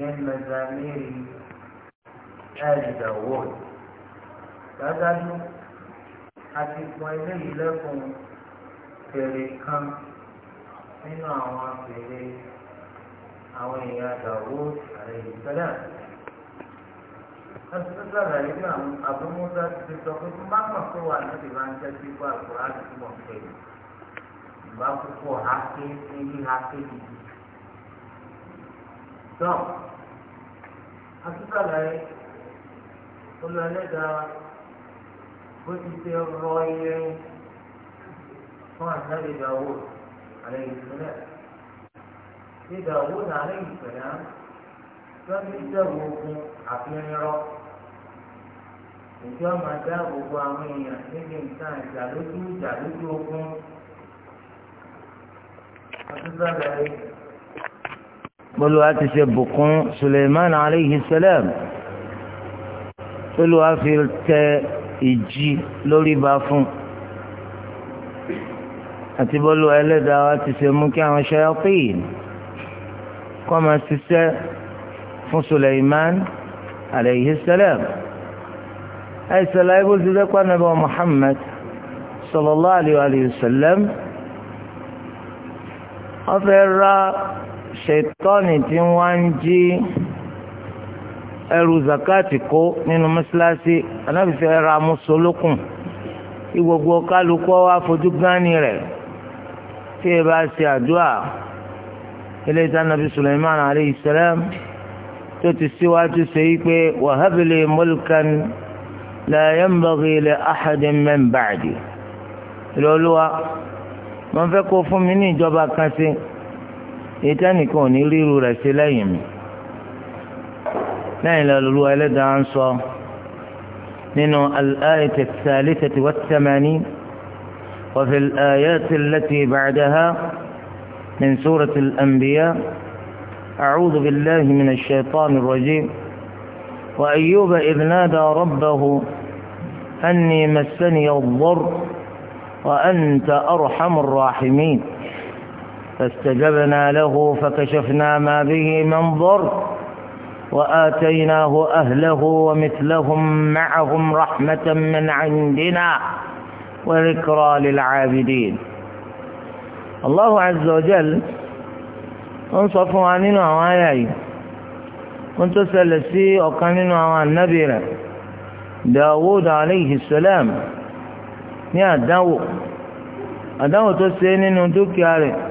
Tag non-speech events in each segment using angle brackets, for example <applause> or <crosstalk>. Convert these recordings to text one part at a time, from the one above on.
من مزامير آل داوود dájú àti pọn eléyìí lẹ́kùn fèrè kan nínú àwọn fèrè àwọn èèyàn Dawud alayhi salam ẹsẹ sàlàyé bí àwọn abúmúdá ti sọ pé má mọ̀ pé wà láti bá ń tẹ́tí kó àkùrá ti mọ̀ pé ìbá púpọ̀ hákẹ́ ní hí hákẹ́ yìí àtúntàlàyé olùwàlẹ́dà bó ti ṣe rọ irin fún àtàlẹ́ ìdáwó àlẹ́ ìṣẹ̀lẹ̀ ìdáwó àlẹ́ ìṣẹ̀lẹ̀ lọ́dún ìṣẹ̀wò ogun àfihànrọ́ ìjọ máa dá gbogbo àwọn èèyàn níbi nǹkan ìjà lójú ìjà lójú ogun àtúntàlàyé. bọ́lúwa ti ṣe bùkún Suleiman aleyhi salam bọ́lúwa fi tẹ ìjì lórí ba fún àti bọ́lúwa ẹlẹ́dàá wa ti ṣe mú kí àwọn ṣayatin kọ́ máa ṣiṣẹ́ fún Suleiman aleyhi salam àìsàlá ibò ti dẹ́kọ́ nàbà Muhammad sallallahu alayhi wa sallam ọ̀fẹ́ ra. ṣètọ́nì tí wọ́n ń jí ẹrù zakati kó nínú mọ́ṣáláṣí anábì fẹ́ ra mùsùlùkùn kí gbogbo kálukọ́ wa fojú gánni rẹ̀ tí ẹ bá ṣe àdúrà ilé ìta nàbí Sulaiman aleyhi salam tó ti síwájú ṣe yí pé wàhábìlì mulkan la yanbaghi li ahadin min ìlú olúwa wọ́n fẹ́ kó fún mi ní ìjọba kan sí i. ìtẹ́nìkan ò ní ríru rẹ̀ sí lẹ́yìn mi lẹ́yìn lọ́lọ́lù ẹlẹ́dàá ń sọ nínú al-ayati ath-thalithati wath-thamanin wa fi al-ayati allati ba'daha min surati al-anbiya a'udhu billahi min ash-shaytani r-rajim wa ayyuba idh nada rabbahu anni massaniya ad-darr wa anta arhamur rahimin. فاستجبنا له فكشفنا ما به من ضر وآتيناه أهله ومثلهم معهم رحمة من عندنا وذكرى للعابدين الله عز وجل انصفوا عننا وآيائي كنت سلسي وقننا وعن نبينا داود عليه السلام يا داود ندوك يا دكياري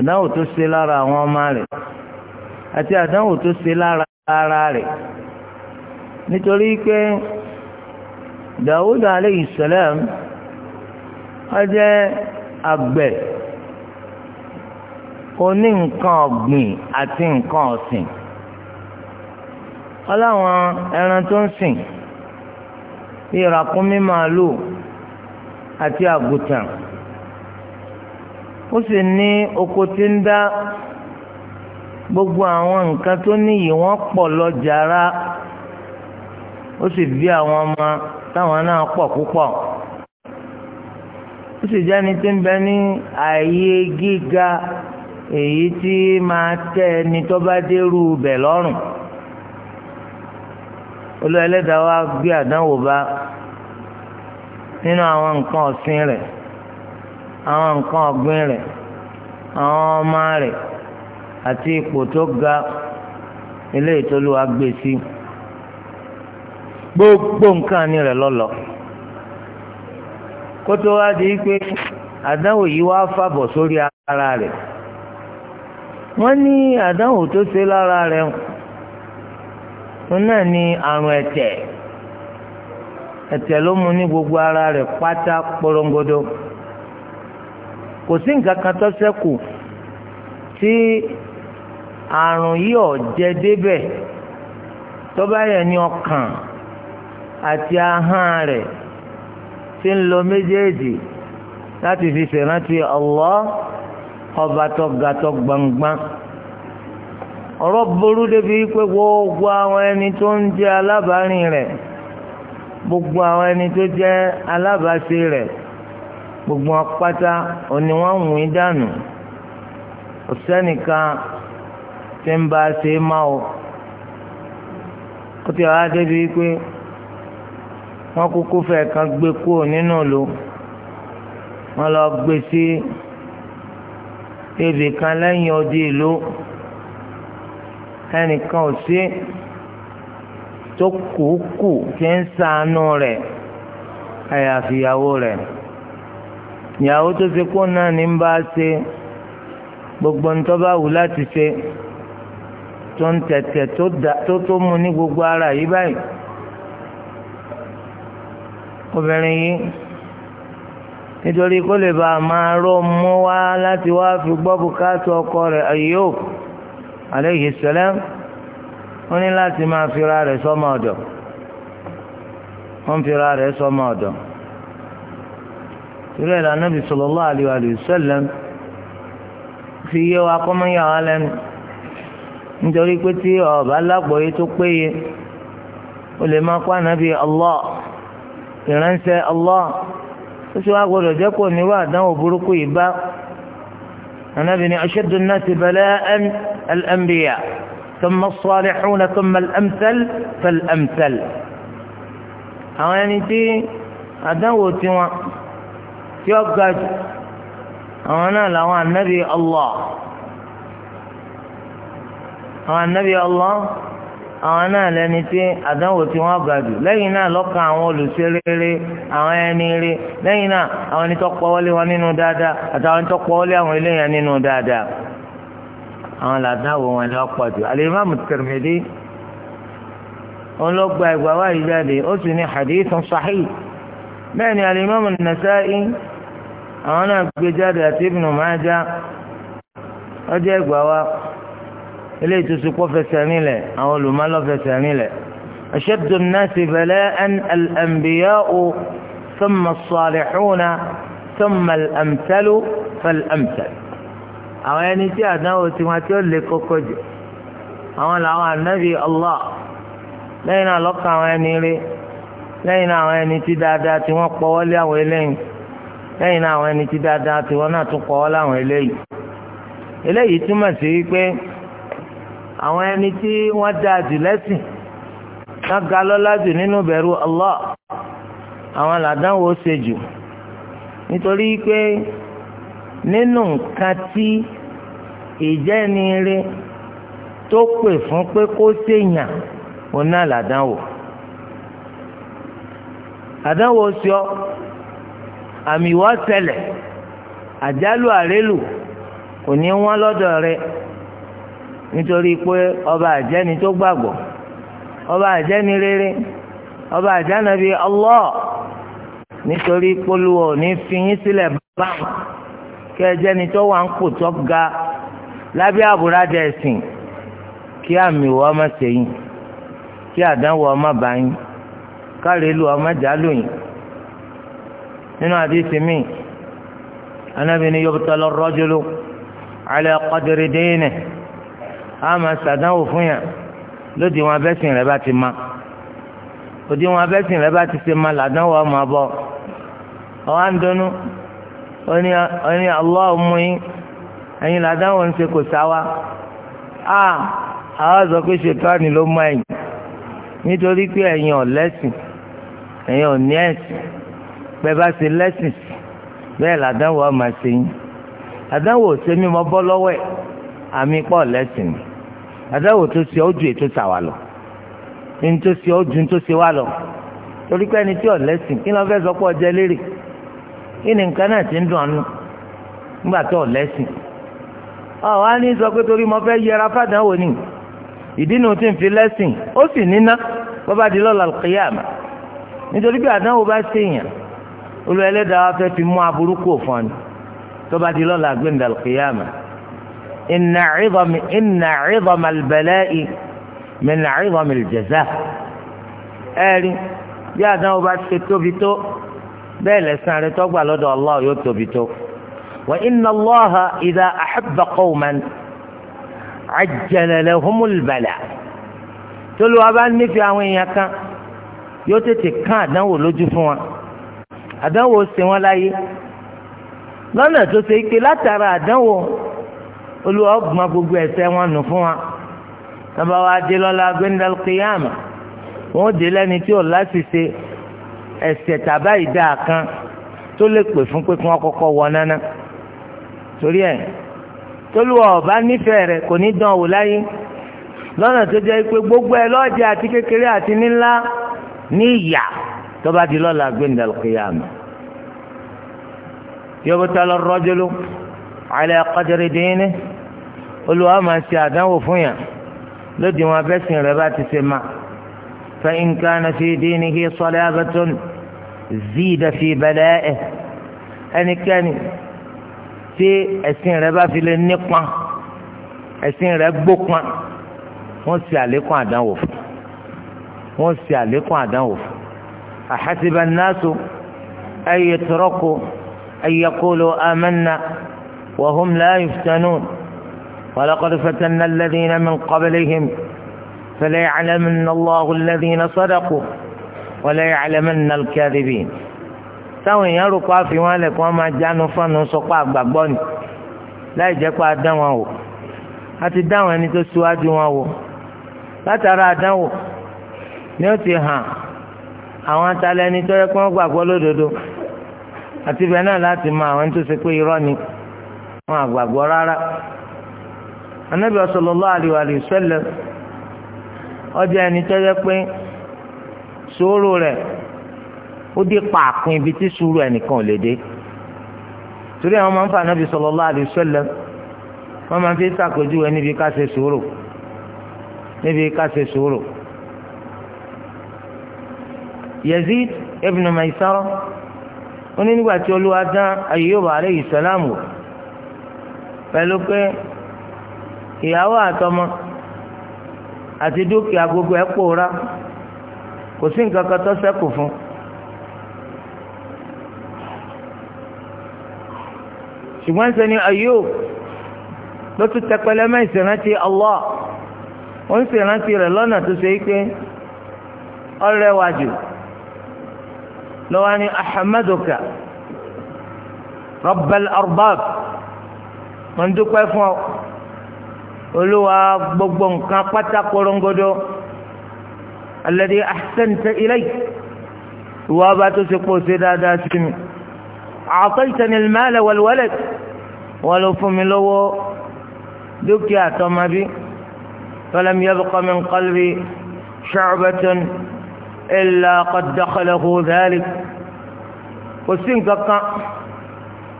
àdáwò tó ṣe lára àwọn ọmọ rẹ̀ àti àdáwò tó ṣe lára ara rẹ̀ nítorí pé Dawud aleyhi salam ó jẹ́ àgbẹ̀ oní nǹkan ọ̀gbìn àti nǹkan ọ̀sìn ọláwọn ẹran tó ń sìn bíi ràkúnmí màálù àti àgùtàn. ó sì ní oko tí ń dá gbogbo àwọn nǹkan tó níyì wọ́n pọ̀ lọ́jà rá ó sì bí àwọn ọmọ táwọn náà pọ̀ púpọ̀ ó sì jẹ́ni tí ń bẹ ní ààyè gíga èyí tí máa tẹ́ ẹni tó bá dérú bẹ̀ lọ́rùn olú ẹlẹ́dàá wa gbé àdánwò bá nínú àwọn nǹkan ọ̀sìn rẹ̀. àwọn nǹkan ọ̀gbìn rẹ̀ àwọn ọmọ rẹ̀ àti ipò tó ga ilé ìtọ́lúwa gbé sí gbogbo nǹkan ní rẹ̀ lọ́lọ́ kótó wá di pé àdáwò yìí wá fàbọ̀ sórí ara rẹ̀ wọ́n ní àdáwò tó ṣe lára rẹ̀ wọn náà ní àrùn ẹ̀tẹ̀ ẹ̀tẹ̀ ló mú ní gbogbo ara rẹ̀ pátá porongodo kò sí nǹkan kan tó ṣẹ́kù tí àrùn yìí ò jẹ débẹ̀ tó bá yẹ ní ọkàn àti ahọ́n rẹ̀ tí ń lo méjèèjì láti fi ṣèrántí Allah ọba tó ga tó gbangban ọ̀rọ̀ burú débi pé gbogbo àwọn ẹni tó ń jẹ́ alábàárìn rẹ̀ gbogbo àwọn ẹni tó jẹ́ alábàáṣe rẹ̀ gbogbo wọn pátá òní wọn ń wín dànù òsẹ́nìkan tí ń bá ṣe é má o ó ti ọ̀rá débi pé wọ́n kúkú fẹ́ kan gbé kúrò nínú ìlú wọ́n lọ gbé sí ebì kan lẹ́yìn odi ìlú ẹnìkan ò sí tó kùkù tí ń ṣàánú rẹ̀ àyàfi ìyàwó rẹ̀ ìyàwó tó ṣe kó náà ní bá ṣe gbogbo ń tó bá wù láti ṣe tó ń tẹ̀tẹ̀ tó tó mu ní gbogbo ara yìí báyìí obìnrin yìí nítorí kó lè bá a máa rọ mọ́ wá láti wá fi gbọ́ bùkátà ọkọ rẹ̀ Ayub alayhi salam ó ní láti máa fira rẹ̀ sọ́mọ ọ̀dọ̀ ó ń fira rẹ̀ sọ́mọ ọ̀dọ̀ irú ẹ̀ lànà bí sallallahu alaihi wa sallam fi yé wa kọ́ mọ́ yà wá lẹ́nu nítorí pé tí ọba lágbọ̀ọ́yé tó péye ó lè máa kó ànábì Allah ìránṣẹ́ Allah ó sì wá gbọdọ̀ jẹ́ kó nírú àdánwò burúkú yìí bá ànábì ní ashaddu an-nasi bala'an al-anbiya thumma as-salihun thumma al-amthal fal-amthal àwọn ẹni tí àdánwò tiwọn tí ó ga jù àwọn náà làwọn anabi Allah àwọn anabi Allah àwọn náà lẹni tí àdánwò tí wọ́n gbà jù lẹ́yìn náà lọ́kàn àwọn olùṣe rere àwọn ẹni rí lẹ́yìn náà àwọn ẹni tó pọ́wọ́lé wọn nínú dáadáa àtàwọn ẹni tó pọ́wọ́lé àwọn eléyàn nínú dáadáa àwọn làdánwò wọn ni wọ́n jù alimami Tirmidhi ọlọgba ìgbà wáyé jáde ó sì ní hadithun sahih bẹ́ẹ̀ alimami Nasa'i àwọn náà gbé jáde àti Ibn Majah ọjọ́ ẹgbàá wa eléyìí tó so kọ́ fẹsẹ̀ nílẹ̀ àwọn olùmọ́lọ́ fẹsẹ̀ nílẹ̀ ashaddu an-nasi bala'an al-anbiya'u thumma as-salihuna thumma al-amthalu fal-amthal àwọn ẹni tí àdánwò tiwọn tí ó lè kókó jù àwọn làwọn ànábì Allah lẹ́yìn náà lọ́kàn àwọn ẹni rí lẹ́yìn náà àwọn ẹni tí dáadáa tí wọ́n pọ̀ wọ́lé àwọn eléyìí. lẹ́yìn náà àwọn ẹni tí dáadáa tiwọn náà tún kọ́ ọ́ láwọn eléyìí eléyìí túmọ̀ sí wípé àwọn ẹni tí wọ́n dáa jù lẹ́sìn wọ́n ga lọ́lá jù nínú bẹ̀rù Allah àwọn làdánwò ṣe jù nítorí pé nínú nǹkan tí ìjẹ́niire tó pè fún pé kó ṣèyàn òun náà làdánwò àdánwò ṣe ọ́ àmì wọ́n àjálù àrélù kò ní wọ́n lọ́dọ̀ rẹ nítorí pé ọba àjẹni tó gbàgbọ́ ọba àjẹni rere ọba àjẹnàbí Allah nítorí polówó ní fiyín sílẹ̀ báwọn kí ẹjẹni tó wà ń kò tó ga lábẹ́ àbúradà ẹ̀sìn kí àmì wọ́n má kí àdánwò ọmọ bá yín ọmọ jálù yín. nínú àdìsí mi anábì ni yubtal ar-rajulu ala qadri dinihi a máa ṣàdánwò fún yàn lódì wọn abẹ́sìn rẹ bá ti ma òdì wọn abẹ́sìn rẹ bá ti ṣe ma làdánwò ọmọ abọ́ ọwọ́ à ń dunnú oní Allah mú ẹ̀yin làdánwò ń ṣe kò sáwa a àwọn sọ pé ṣètọ́ni ló mọ ẹ̀yìn nítorí pé ẹ̀yin ò lẹ́sìn ẹ̀yin ò ní ẹ̀sìn. bẹ́ẹ̀ bá ṣe lẹ́sìn bẹ́ẹ̀ làdánwò ọmọ ṣe yín àdánwò ṣe mí mọ́ bọ́ lọ́wọ́ àmì pọ̀ lẹ́sìn àdánwò tó ṣe ó ètò lọ ní tó ṣe ó tó ṣe wá lọ torí pé ẹni tí ò lẹ́sìn kí ló fẹ́ sọ pé lérè kí ni nǹkan náà ti ń dùn ọ́nù nígbà tó lẹ́sìn ọ wá ní sọ pé torí mo fẹ́ yẹra fàdánwò ni ìdínú tí ń fi ó sì níná bọ́bá olú ẹlẹ́dàá fẹ́ fi mú aburú kò fún ọ tọ́ba di lọ́la gbẹ̀ndàl kìyàmà ìnà ìdọ̀mà bẹ̀lẹ́ì mìnà ìdọ̀mà ìjẹ̀zá ẹ̀rí bí àdáwò bá ṣe tóbi tó bẹ́ẹ̀ lẹ́sìn rẹ tọ́gbà lọ́dọ̀ Allah yóò tóbi tó wà iná lọ́ha ìdá àhẹ́bà kọ́ọ̀mán àjẹlẹ̀lẹ̀ humulbala tolúwa bá nífẹ̀ẹ́ àwọn èèyàn kan yóò tètè kán àdánwò lójú fún wa àdánwò ṣe wọ́n láyé lọ́nà tó ṣe pé látara àdánwò olùwà ọ̀gbọ́n gbogbo ẹ̀ṣẹ̀ wọn nù fún wa nàbà wa dé lọ́la gbẹ́ndàl kìyàmà wọ́n dé lẹ́ni tí ò láti ṣe ẹ̀ṣẹ̀ tàbá ìdá kan tó lè pè fún pé kí wọ́n kọ́kọ́ wọ náná torí ẹ̀ tolúwa ọba nífẹ̀ẹ́ rẹ̀ kò ní dán wò láyé lọ́nà tó jẹ́ pé gbogbo ẹ̀ lọ́ọ̀dẹ àti kékeré àti nílá ní ìyà tọ́ba di lọ́la gbẹ̀ndà kìyàmù yóò tọ́ lọ rọ́jòló alẹ́ akọ́jọ́rẹ́ dínní olùwà máa ṣe àdánwò fún yàn lóde wọn abẹ́sìn rẹ̀ bá ti ṣe ma fa in kana fi dinihi salabatun zida fi bala'ihi ẹnikẹ́ni tí ẹ̀sìn rẹ̀ bá fi lè nípa ẹ̀sìn rẹ̀ gbópa wọ́n ṣe àlékún àdánwò fún wọ́n ṣe àlékún àdánwò fún. أحسب الناس أن يتركوا أن يقولوا آمنا وهم لا يفتنون ولقد فتنا الذين من قبلهم فليعلمن الله الذين صدقوا وليعلمن الكاذبين táwọn èèyàn rò pa fi wọn lẹ kí wọn máa jánu fọnù sọpọ àgbàgbọ ni láì jẹ pé a dán wọn wò a ti dán wọn ẹni tó síwájú wọn wò látara àdánwò ni ó ti hàn àwọn atalẹ̀ ẹni tó yẹ kí wọ́n gbàgbọ́ lódodo àti bẹ́ẹ̀ náà láti mọ àwọn tó ṣe pé irọ ni wọn àgbàgbọ́ rárá anabi ọ alaihi wa sallam ọjà ẹni tó yẹ pé sùúrù rẹ̀ ó dé pààkùn ibi tí sùúrù ẹnìkan ò lè dé torí àwọn máa ń fa anabi sallallahu alaihi wa wọn máa ń fi ṣàpèjúwe níbi ká ṣe sùúrù níbi ká ṣe Yazid ibn Maisara ó ní nígbà tí olúwa dán Ayyub alayhi salam wò pẹ̀lú pé ìyàwó gbogbo ṣùgbọ́n sani Ayub ló tún tẹpẹlẹ Allah ó ń ṣèrántí rẹ̀ lọ́nà tó ṣe é pé lọ́wọ́ ni ahamaduka rabbal arbab mo ń dúpẹ́ fún ọ olúwa gbogbo nǹkan pátá korongodo alladhi ahsanta ilay ìwà ọba tó ṣe pọ̀ ṣe dáadáa sí mi a'taytani al-mala wal walad wọ́n ló fún mi lọ́wọ́ dúkìá tọ́mọbí falam yabqa min qalbi sha'batun illa qad dakhalahu dhalik kò sí nǹkan kan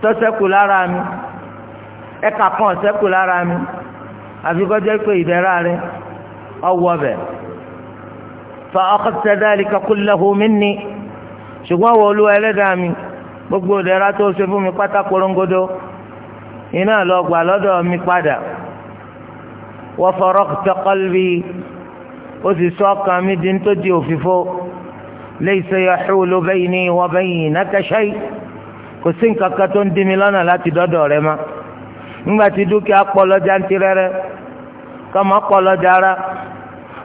tó ṣẹ́kù lára mi ẹ̀ka kan ṣẹ́kù lára mi àfi kó jẹ́ pé ìdẹ̀ra rẹ ọwọ́ bẹ̀ fa akhadhta dhalika kullahu minni ṣùgbọ́n wọ olúwa ẹlẹ́dàá mi gbogbo ìdẹ̀ra tó ṣe fún mi pátá iná lọ gbà lọ́dọ̀ mi padà wa faraqta qalbi. ó sì sọ mi di tó di òfìfo laysa yahulu bayni wa baynaka shay kò sí nǹkan kan tó ń dí lọ́nà láti dọ́dọ̀ rẹ ma ńgbà tí dúkìá pọ̀ lọ́jà ń tirẹ́rẹ́ kọ́mọ pọ̀ lọ́jà ara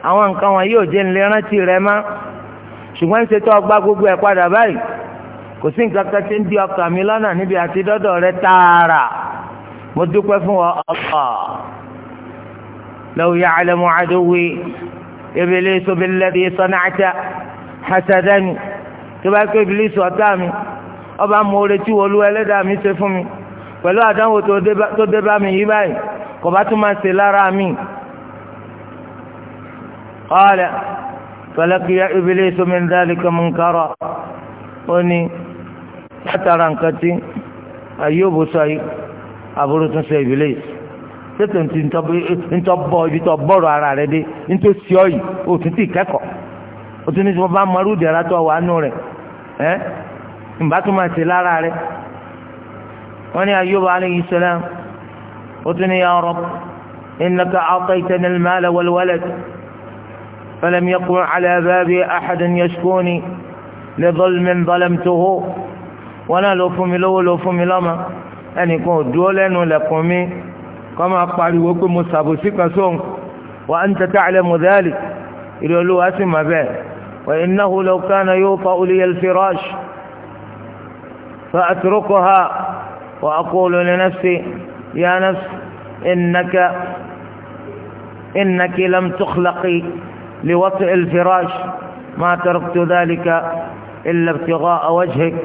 àwọn nǹkan wọn yóò jẹ́ nílé rántí ma ṣùgbọ́n ń ṣètò ọgbà gbogbo ẹ̀ padà báyìí kò sí nǹkan kan ń di ọkàn mi lọ́nà níbi àti dọ́dọ̀ rẹ tààrà mo dúpẹ́ fún Ibilisu billadhi sana'ta hasadani tó bá pé Ibilisu ọ̀tá mi ọba mo retí wọlú ẹlẹ́dàá mi ṣe fún mi pẹ̀lú àdánwò tó dé bá mi yí báyìí kò bá tún máa ṣe lára mi. Qala falaqiya Ibilisu min dhalika munkara ó ní látara nǹkan tí Ayubu sọ yìí aburú tún ṣe Ibilisu tètè ntì ntọ́bọ̀ ibi tó bọ́ọ̀rọ̀ ara rẹ dé ntò sí ọ yìí o tún ti kẹ́kọ̀ọ́ o tún ní sọ bá mọ irú ìdẹ̀ra tó wà nù rẹ ẹ nbà tó máa ṣe lára rẹ wọn ní Ayub alayhi salam o tún ní ya Rabb innaka a'taytani al-mala wal-walad falam yakun ala babi ahadun yashkuni li dhulmin dhalamtuhu wọn náà lọ fún mi lọ́wọ́ lọ fún mi lọ́mọ ẹnìkan kọ́ máa pariwo pé mo ṣàbòsí kan sóhun wa anta ta'lamu dhalik ìrì olúwa sì mà bẹ́ẹ̀ wa innahu law kana yuta'u liya al-firash fa atrukuha wa aqulu li nafsi ya nafs innaka إنك لم تخلقي لوطئ الفراش ما تركت ذلك إلا ابتغاء وجهك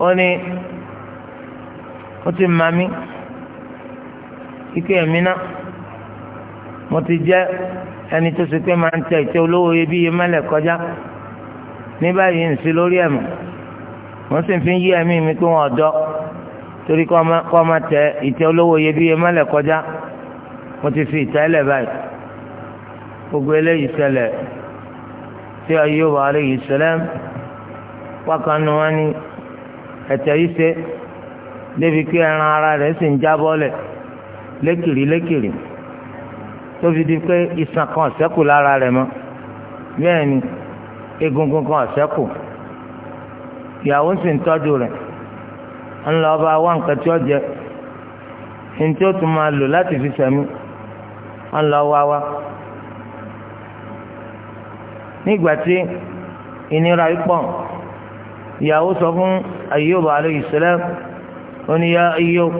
أني أتمامي ike ẹ̀mí náà mo ti jẹ́ ẹni tó ṣe pé máa ń tẹ ìtẹ́ olówó iyebíye mẹ́lẹ̀ kọjá ní báyìí ń sí lórí ẹ̀mọ́ wọ́n sì fi ń yí ẹ̀mí mi pé wọ́n ọ̀dọ́ torí kọ́ máa tẹ ìtẹ́ olówó iyebíye mẹ́lẹ̀ kọjá mo ti fi ìtẹ́ lẹ̀ báyìí gbogbo eléyìí ṣẹlẹ̀ tí Ayub alayhi salam wákàánù wọn ni ẹ̀tẹ̀ yìí ṣe débi pé ẹran ara rẹ̀ sì ń jábọ́ lẹ̀ lékiri lékiri tó fi di pé iṣan kan ṣẹ́kù lára rẹ̀ mọ́ bẹ́ẹ̀ ni egungun kan ṣẹ́kù ìyàwó sì ń tọ́jú rẹ̀ ńlọ ọba wá nǹkan tí ó jẹ ní tí ó tún máa lò láti fi sẹ̀mí ńlọ wá wá nígbà tí ìnira yìí pọ̀ ìyàwó sọ fún Ayyub alayhi salam ó ní yá Ayyub.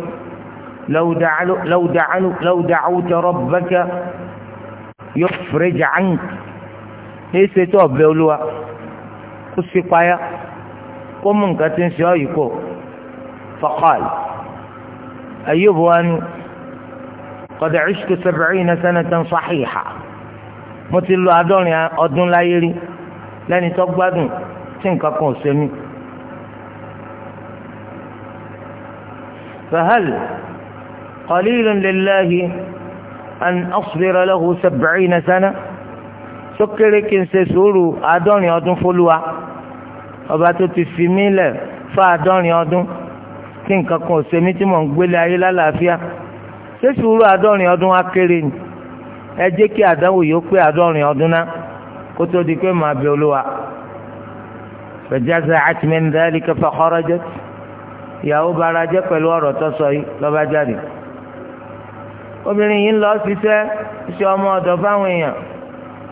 لو دعلو لو دعلو لو دعوت ربك يفرج عنك هي إيه سيتو بيولوا كسي قايا قوم كاتين سيايكو فقال أيوب أن قد عشت سبعين سنة صحيحة متلو أدوني أدون لايري لاني تقبضن تنكا كون سمي فهل قليل لله أن أصبر له سبعين سنة sókèrè kí n ṣe sùúrù àádọ́rin ọdún fólúwa ọba tó ti fi mí lẹ̀ fún àádọ́rin ọdún tí nǹkan kan ò ṣe mí tí mò ń gbélé ayé lálàáfíà ṣé sùúrù àádọ́rin ọdún wá kéré ni ẹ jẹ́ kí àdánwò yìí ó pé àádọ́rin ọdún ná kó tó di pé màá bẹ olúwa. فجزعت من ذلك فخرجت ìyàwó bara jẹ́ pẹ̀lú ọ̀rọ̀ tó sọ yìí ló bá jáde obìnrin yìí ń lọ ṣiṣẹ́ ṣe ọmọ ọ̀dọ̀ fáwọn èèyàn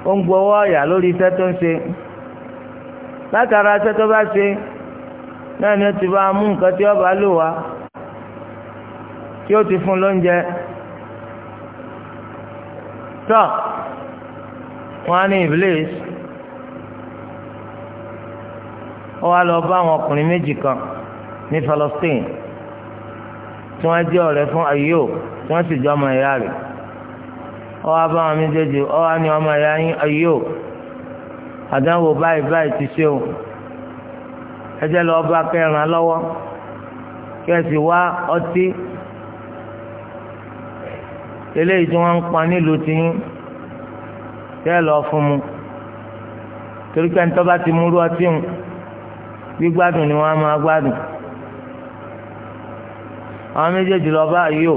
ó ń gbowó ọ̀yà lórí iṣẹ́ tó ń ṣe látara iṣẹ́ tó bá ṣe náà ni ó ti bá a mú nǹkan tí ọba lò wá tí ó ti fún lóúnjẹ tọ wọn á ní iblis ó wá lọ bá àwọn ọkùnrin méjì kan ní Palestine tí wọn jẹ ọ̀rẹ́ fún Ayub wọ́n sì jọ ọmọ ìyá rẹ̀ ọ wá bá wọn méjèèjì ọ wá ní ọmọ ìyá yín ayé o àdánwò báyìí báyìí ti ṣe o ẹ jẹ́ lọ bá kẹràn lọ́wọ́ kẹsì wá ọtí eléyìí tí wọ́n ń pa nílùú ti yín kẹ́ lọ fún mu torí pé nítorí bá ti múrú ọtí hùn gbígbádùn ni wọ́n á máa gbádùn àwọn méjèèjì lọ bá o.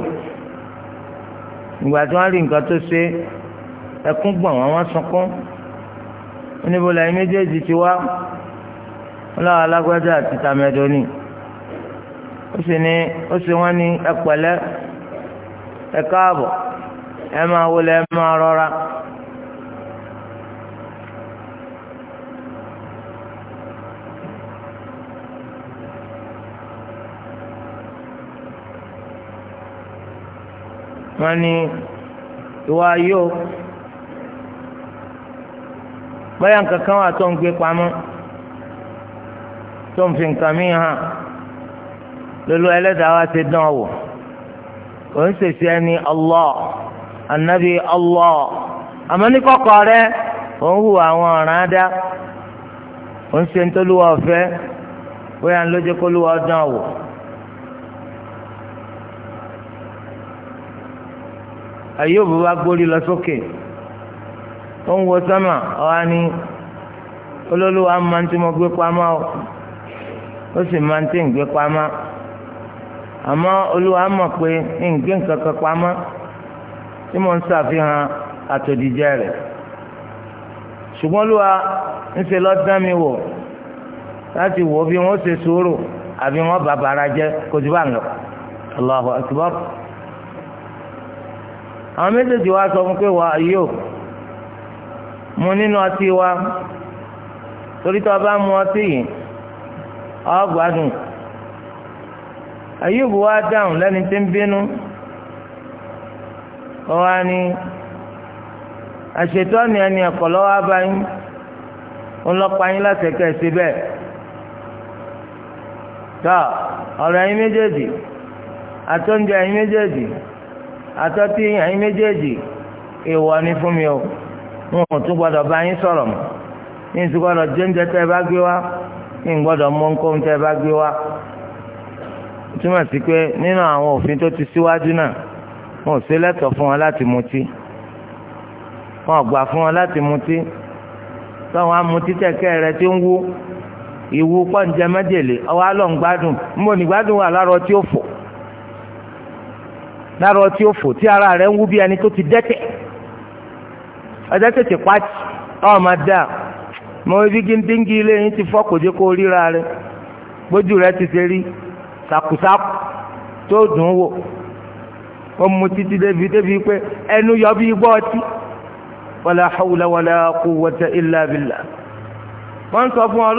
ìgbà tí wọ́n rí nǹkan tó ṣe ẹkún gbọ̀n wọn wọ́n sunkún níbo lẹ́yìn méjèèjì ti wá ọlọ́wọ́ alágbádá àti tàmẹ́dọ́nì ó sì ní ó sì wọ́n ní ẹ̀pẹ̀lẹ́ ẹ̀káàbọ̀ ẹ máa wọlé ẹ máa rọra. wọ́n ní ìwà yóò báyà nǹkan kan wà tó ń gbé pamọ́ tó ń fi nǹkan mí hàn lolu ẹlẹ́dàá wa ti dán wò ó ń sèse ẹni Allah anabi Allah àmọ́ ní kọ́kọ́ rẹ ó ń hùwà àwọn ọ̀ràn ádá ó ń ṣe ń tó lúwa ọ̀fẹ́ bóyá wò. Ayubu bá gbórí lọ sókè ó ń wo sọ́mà ọ̀hán ni olólùwà máa ń tí mo gbé pamọ́ ó sì máa ń tí ń gbé pamọ́ àmọ́ olúwa mọ̀ pé ń gbé nǹkan kan pamọ́ tí mo ń ṣàfihàn àtòdìjẹ́ rẹ̀ ṣùgbọ́n olúwa ń ṣe lọ́dán mi wò láti wò bí wọ́n ṣe sùúrù àbí wọ́n bàbàrà jẹ́ kò jù bá ń lọ Allahu akbar àwọn méjèèjì wa sọ fún pé wà á yóò mu nínú ọtí wa torí tó o bá mu ọtí yìí ọ gbádùn ayíbu wa dáhùn lẹ́ni tí ń bínú ọwọ́ ni àṣetọ́ ni ẹni ẹ̀kọ́ lọ́wọ́ abáyín ọlọ́pàá yín láti ẹ̀kẹ́ sí bẹ́ẹ̀ tọ́ méjèèjì àtọ́njẹ ẹ̀yin méjèèjì àtọ́tí ẹ̀yin méjèèjì èèwọ̀ ni fún mi o wọn ò tún gbọdọ̀ bá yín sọ̀rọ̀ mọ́ ní ìsìn gbọdọ̀ jẹ́ńjẹ́ tẹ́ ẹ bá gbé wá ní ìgbọdọ̀ mú nǹkan tẹ́ ẹ bá gbé wá. túmọ̀ sí pé nínú àwọn òfin tó ti síwájú náà wọn ò sí lẹ́tọ̀ọ́ fún wọn láti mutí wọn ò gbà fún wọn láti mutí táwọn amutí tẹ̀kẹ́ rẹ ti ń wú ìwú pọ́ǹjẹ mẹ́jèlé ọwọ́ alọ́ ń gbádùn mbọ̀ nígbádùn wà lárọ́ tí ó fò lára ọtí òfò tí ara rẹ̀ ń wú bí ẹni tó ti dẹ́tẹ̀ ọjọ́ tètè pàtì ọ̀ máa dà mọ ibi gíndíngí ilé yín ti fọ́ kò jẹ́ kó ríra rẹ̀ gbójú rẹ̀ ti ṣe rí sàkùsàkù tó dùn wò ó mu títí débi débi pé ẹnu yọ bí igbó ọtí wala hawla wala quwwata illa billah wọ́n ń sọ fún ọ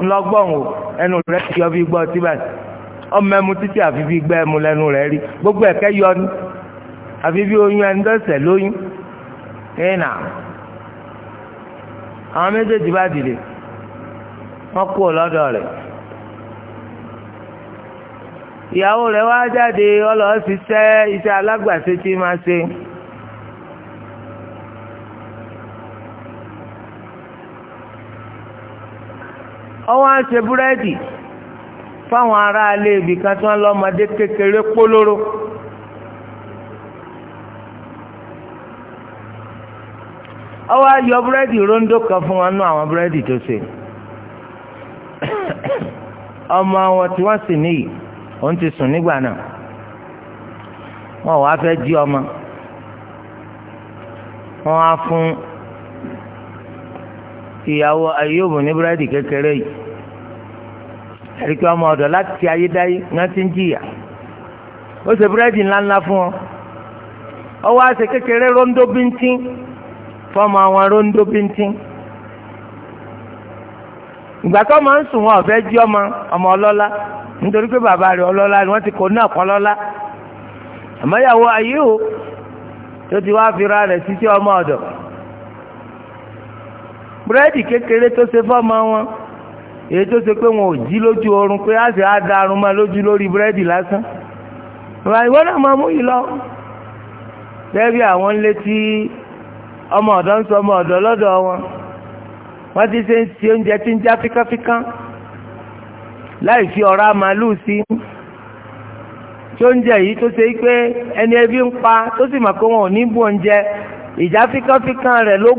lọ́ọ̀gbọ̀ o ẹnu rẹ̀ ti yọ bí igbó ọtí báyìí ọmọ ẹmu títí àfi bí gbẹ ẹmu lẹ́nu rẹ̀ rí gbogbo ẹkẹ yọ ni àfi bí oyún ẹni dọ́sẹ̀ lóyún ẹ̀nà àwọn méjèèjì bá dìde wọ́n kú lọ́dọ̀ rẹ̀ ìyàwó rẹ̀ wá jáde ọlọ́ọ̀síṣẹ́ iṣẹ́ alágbàṣe tí máa ṣe. ọwọ́ á ṣe búrẹ́dì fáwọn aráalé ibì kan tí wọ́n lọ́mọdé kékeré pólóró. ọwọ́ ayọ búrẹ́dì rondo kan fún wọn nú àwọn búrẹ́dì tó ṣe ọmọ wọn tí wọ́n sì níyì òun ti sùn nígbà náà wọn wàá fẹ́ jí ọmọ wọn á fún ìyàwó ayélujára ní búrẹ́dì kékeré yìí àríkí ọmọ ọ̀dọ̀ láti ayédáyé wọn ti ń jìyà ó ṣe búrẹ́dì ńláńlá fún ọ ọwọ́ àṣẹ kékeré rondo bíntín fọmọ àwọn róńdó bíntín ìgbà tó máa ń sùn wọn ọ̀fẹ́ jí ọmọ ọmọ ọlọ́lá nítorí pé bàbá rẹ̀ ọlọ́lá ni wọ́n ti kó náà kọ́ lọ́lá àmọ́ ayé o tó ti wá fira rẹ̀ sí sí ọmọ ọ̀dọ̀ búrẹ́dì kékeré tó ṣe fọ́mọ wọn. èyí tó ṣe pé wọn ò jí lójú oorun pé á sì á da arun máa lójú lórí búrẹ́dì lásán ìwà ìwọ náà máa mú yìí lọ. bẹ́ẹ̀ àwọn ń létí ọmọ ọ̀dọ́ ń sọ ọmọ ọ̀dọ́ lọ́dọ̀ wọn wọ́n ti ṣe ń ṣe oúnjẹ tí ń já fíkánfíkán láì fi ọ̀rá màálùú sí tí oúnjẹ yìí tó ṣe pé ẹni ẹbí ń pa tó sì wọn ò ní bú oúnjẹ ìjà fíkánfíkán rẹ̀ ló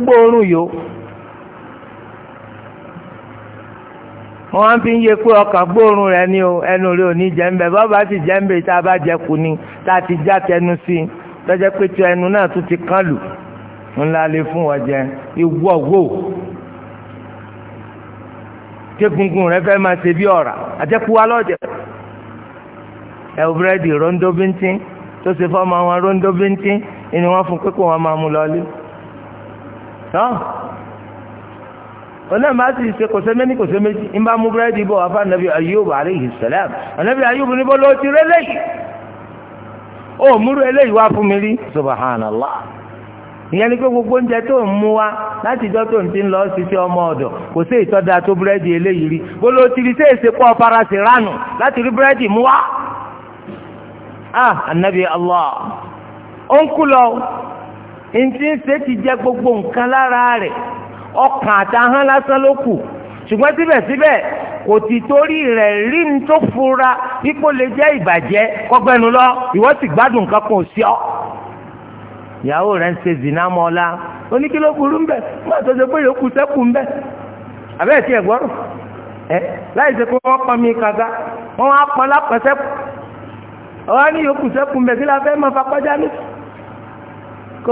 wọ́n fi ń yẹ pé ọkàn gbóòórùn rẹ̀ ni o ẹnu rẹ̀ ò ní jẹ́ ń bẹ̀ bọ́ọ̀bà sì jẹ́ ń bẹ̀ tá a bá jẹ kù ni tá a ti já tẹnu sí i tọ́jẹ́ pé tí ẹnu náà tún ti kán lù ńlá lè fún wọn jẹ ìwọ́wọ́ tẹ́gungun rẹ fẹ́ máa ṣe bí ọ̀rà àjẹkùwá lọ́jẹ̀ ẹ̀wù búrẹ́dì rondo bíntín tó ṣe fọ́ ọmọ wọn rondo bíntín ni wọ́n fún pé kó wọn máa mú lọ lé. ọlọ́run bá sì ṣe kò ṣe méjì kò ṣe méjì ń bá mú búrẹ́dì bọ̀ anabi ayub aleyhi salam anabi ayub ló ti rẹ́lẹ́yìí ó múrú eléyìí wá fún mi rí subhanallah ìyẹn ni pé gbogbo oúnjẹ tó ń mú wa láti ìjọ tó ń ti ń lọ ṣiṣẹ́ ọmọ ọ̀dọ̀ kò sí ìtọ́da tó búrẹ́dì eléyìí rí bólú ti rí sí èsè ah anabi gbogbo ọkàn àtahán lásán ló kù ṣùgbọ́n síbẹ̀síbẹ̀ kò ti torí rẹ̀ rí ní tó fura ipò lè jẹ́ ìbàjẹ́ kọ́gbẹ́nu lọ ìwọ sì gbádùn nǹkan kan ò sí ọ. ìyàwó rẹ̀ ń ṣe zina mọ́ ọ́lá oníkìló burú ń bẹ̀ má tó ṣe pé yòókù sẹ́kù ń bẹ̀ àbẹ́ ẹ̀tí ẹ̀gbọ́rọ̀ ẹ̀ láì ṣe pé wọ́n pọn mi kàga wọ́n wá pọn lápọ̀ sẹ́kù ọ̀hán ní yòókù sẹ́kù ń bẹ̀ kí la máa fa kọjá ní kò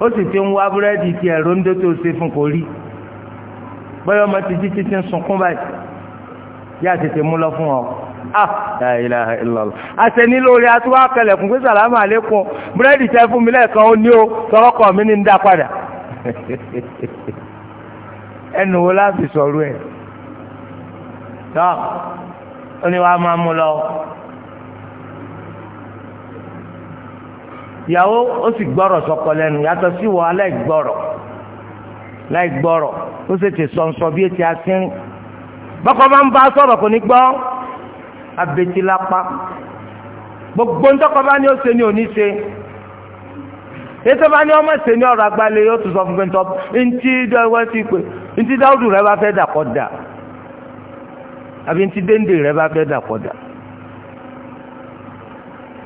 ó sì ti ń wá búrẹ́dì ti ẹ̀rọ ń dó tó ṣe fún kò rí bọ́yọ̀ ọmọ ti jí títí ń sunkún báyìí yá tètè mú lọ fún ọ àṣẹ ah, ní lórí atúwá kẹlẹ̀ fún pé sàlámù àlékún búrẹ́dì tẹ fún mi lẹ́ẹ̀kan ó ní o tọrọkọ mi ní ń dá padà <laughs> ẹnu wo láti sọ̀rọ̀ ẹ̀ tọ́ ó ní wàá máa mú lọ ìyàwó ó sì gbọ́rọ̀ sọ́kọ lẹ́nu yàtọ̀ sí wọ aláìgbọ́rọ̀ láìgbọ́rọ̀ ó sì ti sọ̀nsọ̀ bí etí asínrín bọ́kọ bá ń bá sọ̀rọ̀ kò ní gbọ́ abetí lápá gbogbo ńtọ́kọ bá ní ó ṣe ní òní ṣe ètò bá ní ọmọ ṣe ní ọ̀rọ̀ àgbálẹ̀ yóò tún sọ fún pẹ́ntọ́ ntí dọ́wọ́ sí pé ntí dáúdù rẹ bá fẹ́ dàkọ́ dà àbí ntí déńdè rẹ bá fẹ́ dàkọ́ dà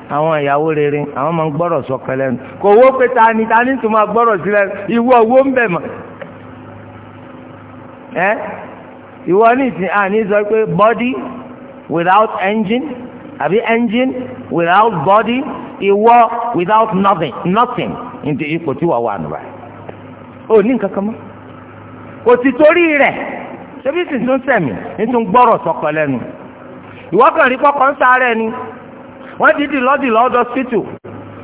àwọn ìyàwó rere àwọn máa ń gbọ́rọ̀ sọ́kọ lẹ́nu kò wó pé ta ni ta ni tó máa gbọ́rọ̀ sí lẹ́nu ìwọ owó ń bẹ̀ mọ́ ẹ́ ìwọ ní ìsìn àní sọ pé body without engine àbí engine without body ìwọ without nothing nothing ní ipò tí wàá wà nùbà ò ní nǹkan kan mọ́ kò sì torí rẹ̀ ṣébí sì tún sẹ̀mí ní tún gbọ́rọ̀ sọ́kọ lẹ́nu ìwọ kàn rí kọ́kọ́ ń sáré ni. wọ́n ti dì lọ́dì lọ́dọ̀ hospital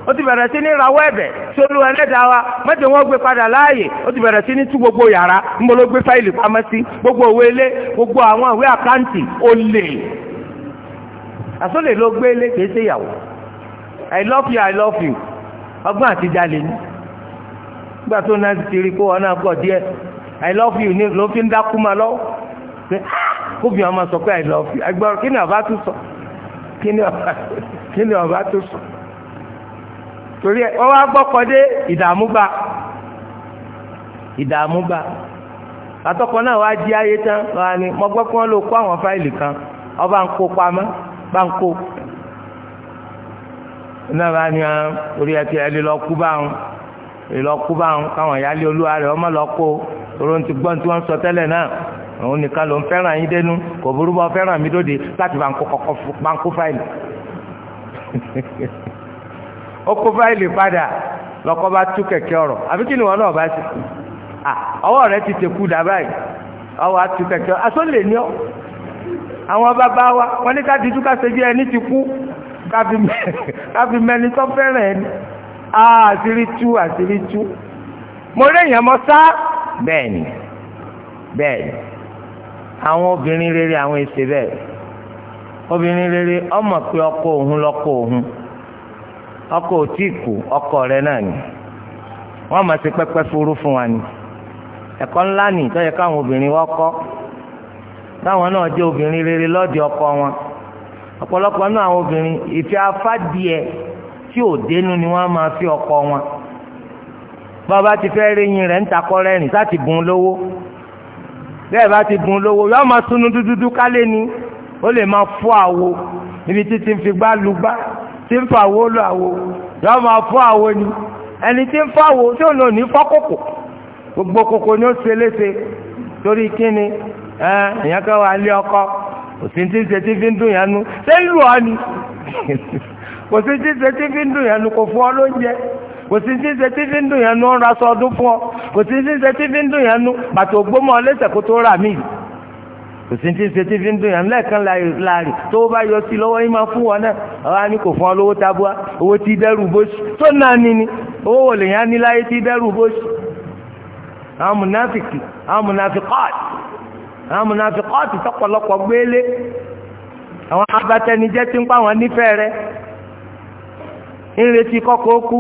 ó ti bẹ̀rẹ̀ sí ní rawọ́ ẹ̀bẹ̀ tí olúwa ẹlẹ́dàá wa mẹ́tẹ̀ wọ́n gbé padà láàyè ó ti bẹ̀rẹ̀ sí ní tú gbogbo yàrá níbo ló gbé fáìlì pamọ́ sí gbogbo òwe gbogbo àwọn ìwé àkáǹtì ó lè àsọlè ló gbé ilé kìí i love you i love you ọgbọ́n àtijọ́ nígbà tó náà ti rí ma máa ah! sọ pé i love you nílẹ̀ ọba tó sùn torí ẹ wọ́n wá gbọ́kọdé ìdààmú bá ìdààmú bá àtọkọ náà wá di ayé tán wà ní mo gbọ́ pé wọ́n lò kó àwọn fáìlì kan ọba ń kó pamọ́ bá ń kó náà bá ní ah, orí ẹtì ẹ lè lọ kú báwọn lè lọ kú báwọn káwọn ìyáálé olúwa rẹ ọmọ lọ kó tòrò ti gbọ́n tí wọ́n sọ tẹ́lẹ̀ náà òun nìkan ló ń fẹ́ràn yín dénú kò burú bọ́ fẹ́ràn mi dóde láti bá ń kó fáìlì. Oko <laughs> kó fáìlì padà lọ́kọ́ bá tú kẹ̀kẹ́ ọ̀rọ̀ àbí kí ni wọn náà bá ṣe ọwọ́ rẹ ti tẹ̀kú dà báyìí ọwọ́ á tú kẹ̀kẹ́ àsọ̀lẹ̀ ni ọ́ àwọn bàbá wa wọn ní ká dijú ká ṣe bí ẹni ti kú káfí mẹni <laughs> tó fẹ́ràn ẹni àṣírí tú àṣírí tú mo rí èèyàn mọ́ sá bẹ́ẹ̀ ni bẹ́ẹ̀ ni àwọn obìnrin rere àwọn èsè bẹ́ẹ̀. obìnrin rere ọmọ pé ọkọ òun lọkọ òun ọkọ òtí iku kù ọkọ rẹ náà ni wọn máa ṣe pẹpẹ furu fún wa ni ẹkọ ńlá nì tó yẹ káwọn obìnrin wọn kọ́ táwọn náà jẹ́ obìnrin rere lọ́ọ̀dì ọkọ wọn ọpọlọpọ náà àwọn obìnrin ìfẹ́ afádìẹ tí ò dénú ni wọ́n máa fi ọkọ wọn bàbá ti fẹ́ réyìn rẹ ń takọ rẹ́rìn láti bùn lówó bẹ́ẹ̀ bá ti bùn lówó máa sunu dúdúdú kálé ni. ó lè máa fọ́ àwo níbi títí ń fi gbá lu gbá tí ń fa àwo lọ àwo yóò máa fọ́ àwo ni ẹni tí ń fa àwo tí ò lò ní fọ́kòkò gbogbo kòkò ni ó ṣe léṣe torí kíni ẹ ẹ̀yàn kan wà lé ọkọ kò sí ti ń ṣe tí fi ń dùn yẹn nu ṣé ń lù ọ ni <laughs> kò sí ti ń ṣe tí fi ń dùn yẹn nu kò fún ọ lóúnjẹ kò sí sí ṣe tí fi ń dùn yẹn nu ń raṣọ ọdún fún ọ kò sí sí ṣe tí fi ń dùn yẹn nu bàtà ògbómọ ọlẹ́sẹ̀ kó tó rà míì kò sí ti ń ṣe tí fi ń dùn yàn lẹ́ẹ̀kan láàrì tó bá yọ sí lọ́wọ́ yín máa fún wọn náà ọ̀rá ni kò fún ọ lówó tabua owó tí dẹ́rù bóṣù tó náà ní ni owó wò lè yàn ní láyé tí dẹ́rù bóṣù. àwọn mùnàfìkì àwọn mùnàfìkọ́ọ̀tì àwọn mùnàfìkọ́ọ̀tì tọ́pọ̀lọpọ̀ gbélé àwọn abatẹnijẹ́ ti ń pa àwọn nífẹ̀ẹ́ rẹ ìrètí kọ́kọ́ kú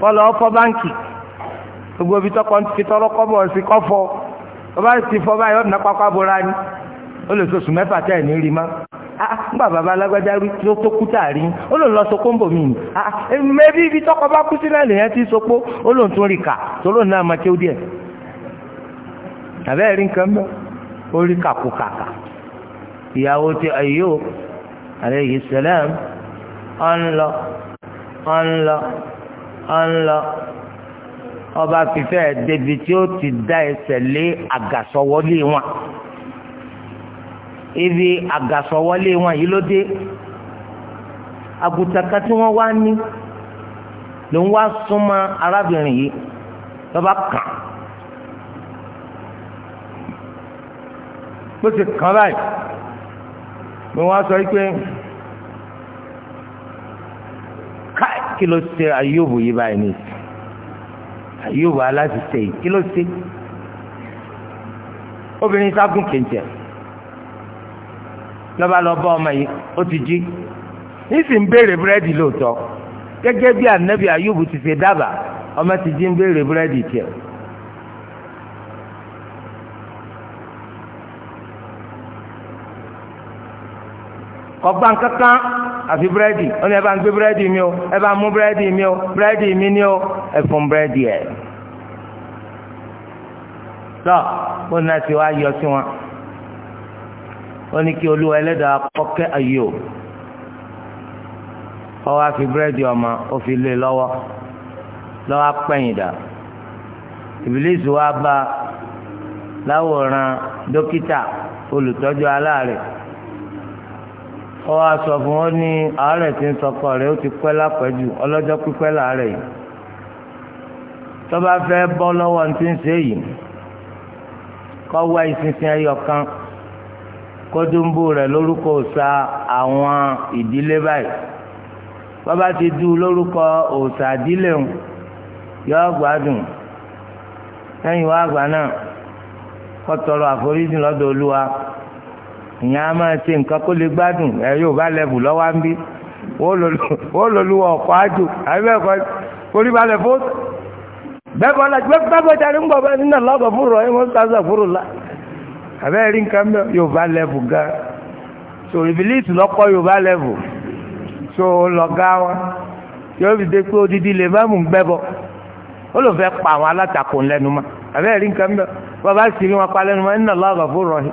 kọ́ lọ́ọ́ bàbá ti fọ́ báyìí ọ̀nà pápá bora ni ó lè sọ̀sù mẹ́fà tẹ́ ẹ̀ ní rí ma ah, ah, nígbà bàbá alágbájá rí tó tó kú tààrí ó lòun lọ sopó ń bò mí ni ah, mẹ́bí ibi tọ́kọ bá kú sí náà lèyàn ti sopó ó lòun tún rí kà tó lòun náà máa kéwú díẹ̀ àbẹ́ẹ̀ nǹkan mọ́ ó rí kàkú kàkà ìyàwó ti ayò alayhi salam ọ̀nlọ ọ̀nlọ ọ̀nlọ ọba fífẹ́ débi tí ó ti dá ẹsẹ̀ lé àgàsọ̀wọ́lé wọn ibi àgàsọ̀wọ́lé wọn yìí ló dé àgùntàkà tí wọ́n wá ní ló ń wá súnmọ́ arábìnrin yìí lọ́ba kàn bó ti kàn báyìí ni wọ́n sọ pé ká kí ló ṣe ayé òbò yìí báyìí nìyí. Ayub aláṣìṣe yìí kí ló ṣe obìnrin ságun kẹ̀ǹtẹ̀ lọ́ba lọ bá ọmọ yìí ó ti jí nísì ń béèrè búrẹ́dì lóòótọ́ gẹ́gẹ́ bí anabi Ayub ti ṣe dábàá ọmọ ti jí ń béèrè búrẹ́dì tiẹ̀. kọgbà kankan àfi búrẹ́dì ó ní ẹ bá ń gbé búrẹ́dì mi o ẹ bá mú búrẹ́dì mi o búrẹ́dì mi ni o ẹ fún búrẹ́dì ẹ. tọ́ ó náà ti wá yọ sí wọn ó ní kí olúwa ẹlẹ́dàá kọ́kẹ́ ayé o ó wá búrẹ́dì ọmọ ó fi lé e lọ́wọ́ lọ́wọ́ pẹ̀yìn dà ìbílísì wa bá láwòrán dókítà olùtọ́jú aláàrẹ̀ ó wá sọ fún wọn ní àárẹ̀ tí ń sọkọ rẹ̀ ó ti pẹ́ lápẹ́jù ọlọ́jọ́ pípẹ́ làárẹ̀ yìí tó bá fẹ́ bọ́ lọ́wọ́ ní ti ń ṣe yìí kó wá ìsinsin ẹyọ kan kó dúnbù rẹ̀ lórúkọ òòṣà àwọn ìdílé báyìí bàbá ti dù lórúkọ òòṣà ìdílé ń yọ gbádùn lẹ́yìn wá àgbà náà kó tọrọ àforíjì lọ́dọ̀ olúwa ìyẹn a máa ṣe nǹkan kó lè gbádùn ẹ yóò bá lẹ́bù lọ́wọ́ ń bí wọ́n lòlúwọ̀ ọ̀pọ̀ àjò àbí ẹ̀kọ́ orí balẹ̀ fún bẹ́ẹ̀kọ́ la gbé gbàgbọ́jà ní gbọ́ bẹ́ẹ̀ nínú ọlọ́gbọ̀ fúnrọ̀ ẹ̀ wọ́n sàṣà fúnrọ̀ la àbẹ́ rí nǹkan mẹ́ yóò bá lẹ́bù gan so ìbílíìtì lọ́kọ́ yóò bá lẹ́bù so lọ́gá wọn yóò fi dé pé odidi lè má mú gbẹ́bọ ó lò fẹ́ pa àwọn alátakò lẹ́nu mọ́ àbẹ́ rí nǹkan mẹ́ bàbá sì rí wọn pa lẹ́nu mọ́ nínú ọlọ́gbọ̀ fúnrọ̀ yìí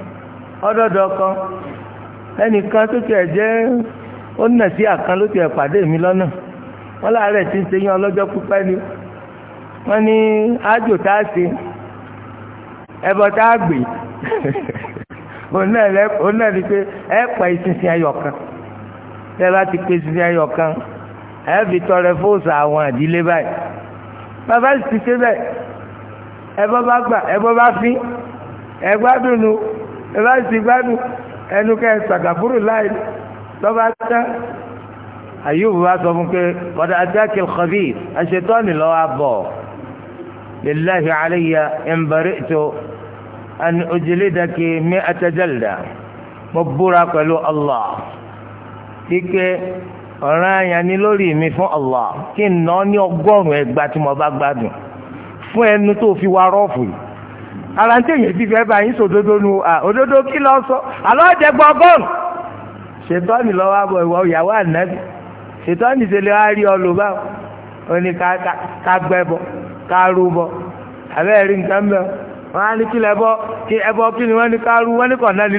ọdọdọ kan ẹnìkan tó tiẹ̀ jẹ́ ó nà sí àkàn ló tiẹ̀ pàdé mi lọ́nà wọ́n láàárẹ̀ tí ń ṣe yín ọlọ́jọ́ pípẹ́ ni wọ́n ní ájò tá a ṣe ẹbọ tá a gbé <laughs> òun náà ni pé ẹ pa ìsinsin ayọ̀kan tẹ́ bá ti pe ìsinsin ayọ̀kan ẹ fi tọrẹ fóòsà àwọn àdílé báyìí bàbá sì ti ṣe bẹ́ẹ̀ ẹbọ bá gbà ẹbọ bá fi ẹgbádùn nu láìsí gbádùn ẹnu kẹ́ ṣàgàbúrò láì lọ́ba tẹ́ ayúbù wa sọ fún pé ọ̀dà adákẹ́ kọ́bí àṣetọ́ni lọ́wọ́ bọ̀ lillahi alayya ẹnbẹ̀rẹ̀ tó ẹni ojúlé dàkẹ́ mi àtẹ́jẹ́lẹ̀dà mo búra pẹ̀lú allah kíkẹ́ ọ̀ràn àyàn ni lórí mi fún allah kí n nà ọ́ ní ọgọ́rùn-ún ẹgbàá tí mo bá gbádùn fún ẹnu tó fi wá rọ́ọ̀fù yìí. ara ń tèyàn fi fẹ́ báyìí sòdodo nu òdodo kí lọ sọ àlọ́ ọ̀jẹ̀ gbọ́ bọ́ọ̀lù lọ́wọ́ àbọ̀ ìwọ ìyàwó ànábì ọ lò báwọn oní ká gbẹ́bọ ká rúbọ rí nǹkan wọ́n á ní kí kí kí ni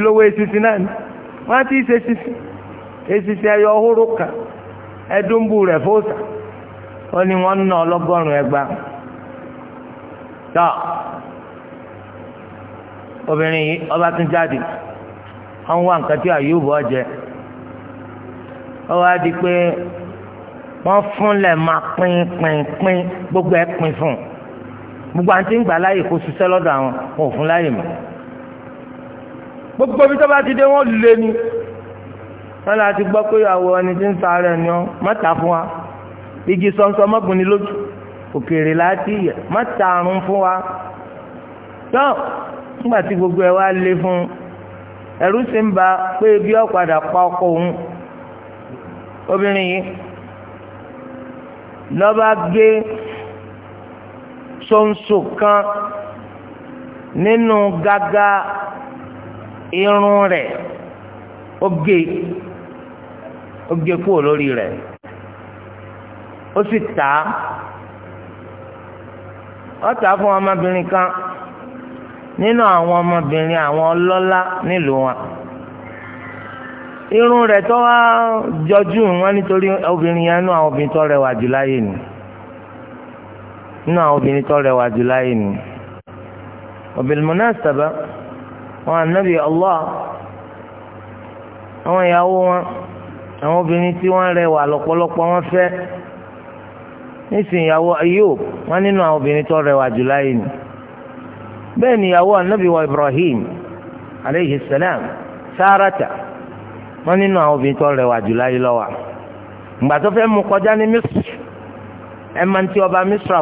wọ́n ní esisi ni wọ́n ti ṣe esisi ẹyọ kan ẹdúnbù rẹ̀ fóòsà ó ní wọ́n ná ọlọ́gọ́rùn-ún ẹgbàá obìnrin yìí ọba tún jáde wọn wá nǹkan tí àyùbọ jẹ ó wá di pé wọn fúnlẹ̀ máa pín pín pín gbogbo ẹ pín fún un gbogbo àǹtí ń gbà láàyè kó ṣiṣẹ́ lọ́dọ̀ àwọn wọn ò fún láàyè mọ́ gbogbo ibi tó bá ti dé wọn lé ni wọn là ti gbọ́ pé ìyàwó ẹni tí ń sa rẹ̀ ni ọ mọ́ta fún wa igi sọ̀nsọ̀ mọ́gùn ni lójú òkèèrè láti yẹ mọ́ta àrùn fún wa nígbà tí gbogbo ẹ̀ wá lé fún un ẹ̀rù sì ń ba pé bí ọ̀padà pa ọkọ òun obìnrin yìí lọ́ba gé ṣonṣo kan nínú gágá irun rẹ̀ ó gé kúrò lórí rẹ̀ ó sì tà á ó fún ọmọbìnrin kan nínú àwọn ọmọbìnrin àwọn ọlọ́lá nílùú wọn irun rẹ̀ tó wá jọjú wọn nítorí obìnrin yẹn nínú àwọn obìnrin tó rẹwà jù láyé ni nínú àwọn obìnrin tó rẹwà jù láyé ni obilmunasaba wọn ànábì Allah àwọn ìyàwó wọn àwọn obìnrin tí wọ́n rẹwà lọ́pọ̀lọpọ̀ wọ́n fẹ́ nísìnyàwó Ayub wọn nínú àwọn obìnrin tó rẹwà jù láyé ni. bẹ́ẹ̀ ni ìyàwó wa ibrahim aleyhi salam sáárátà wọ́n nínú àwọn obìnrin tó rẹwà jù láyé lọ́wọ́ ìgbà kọjá ní misr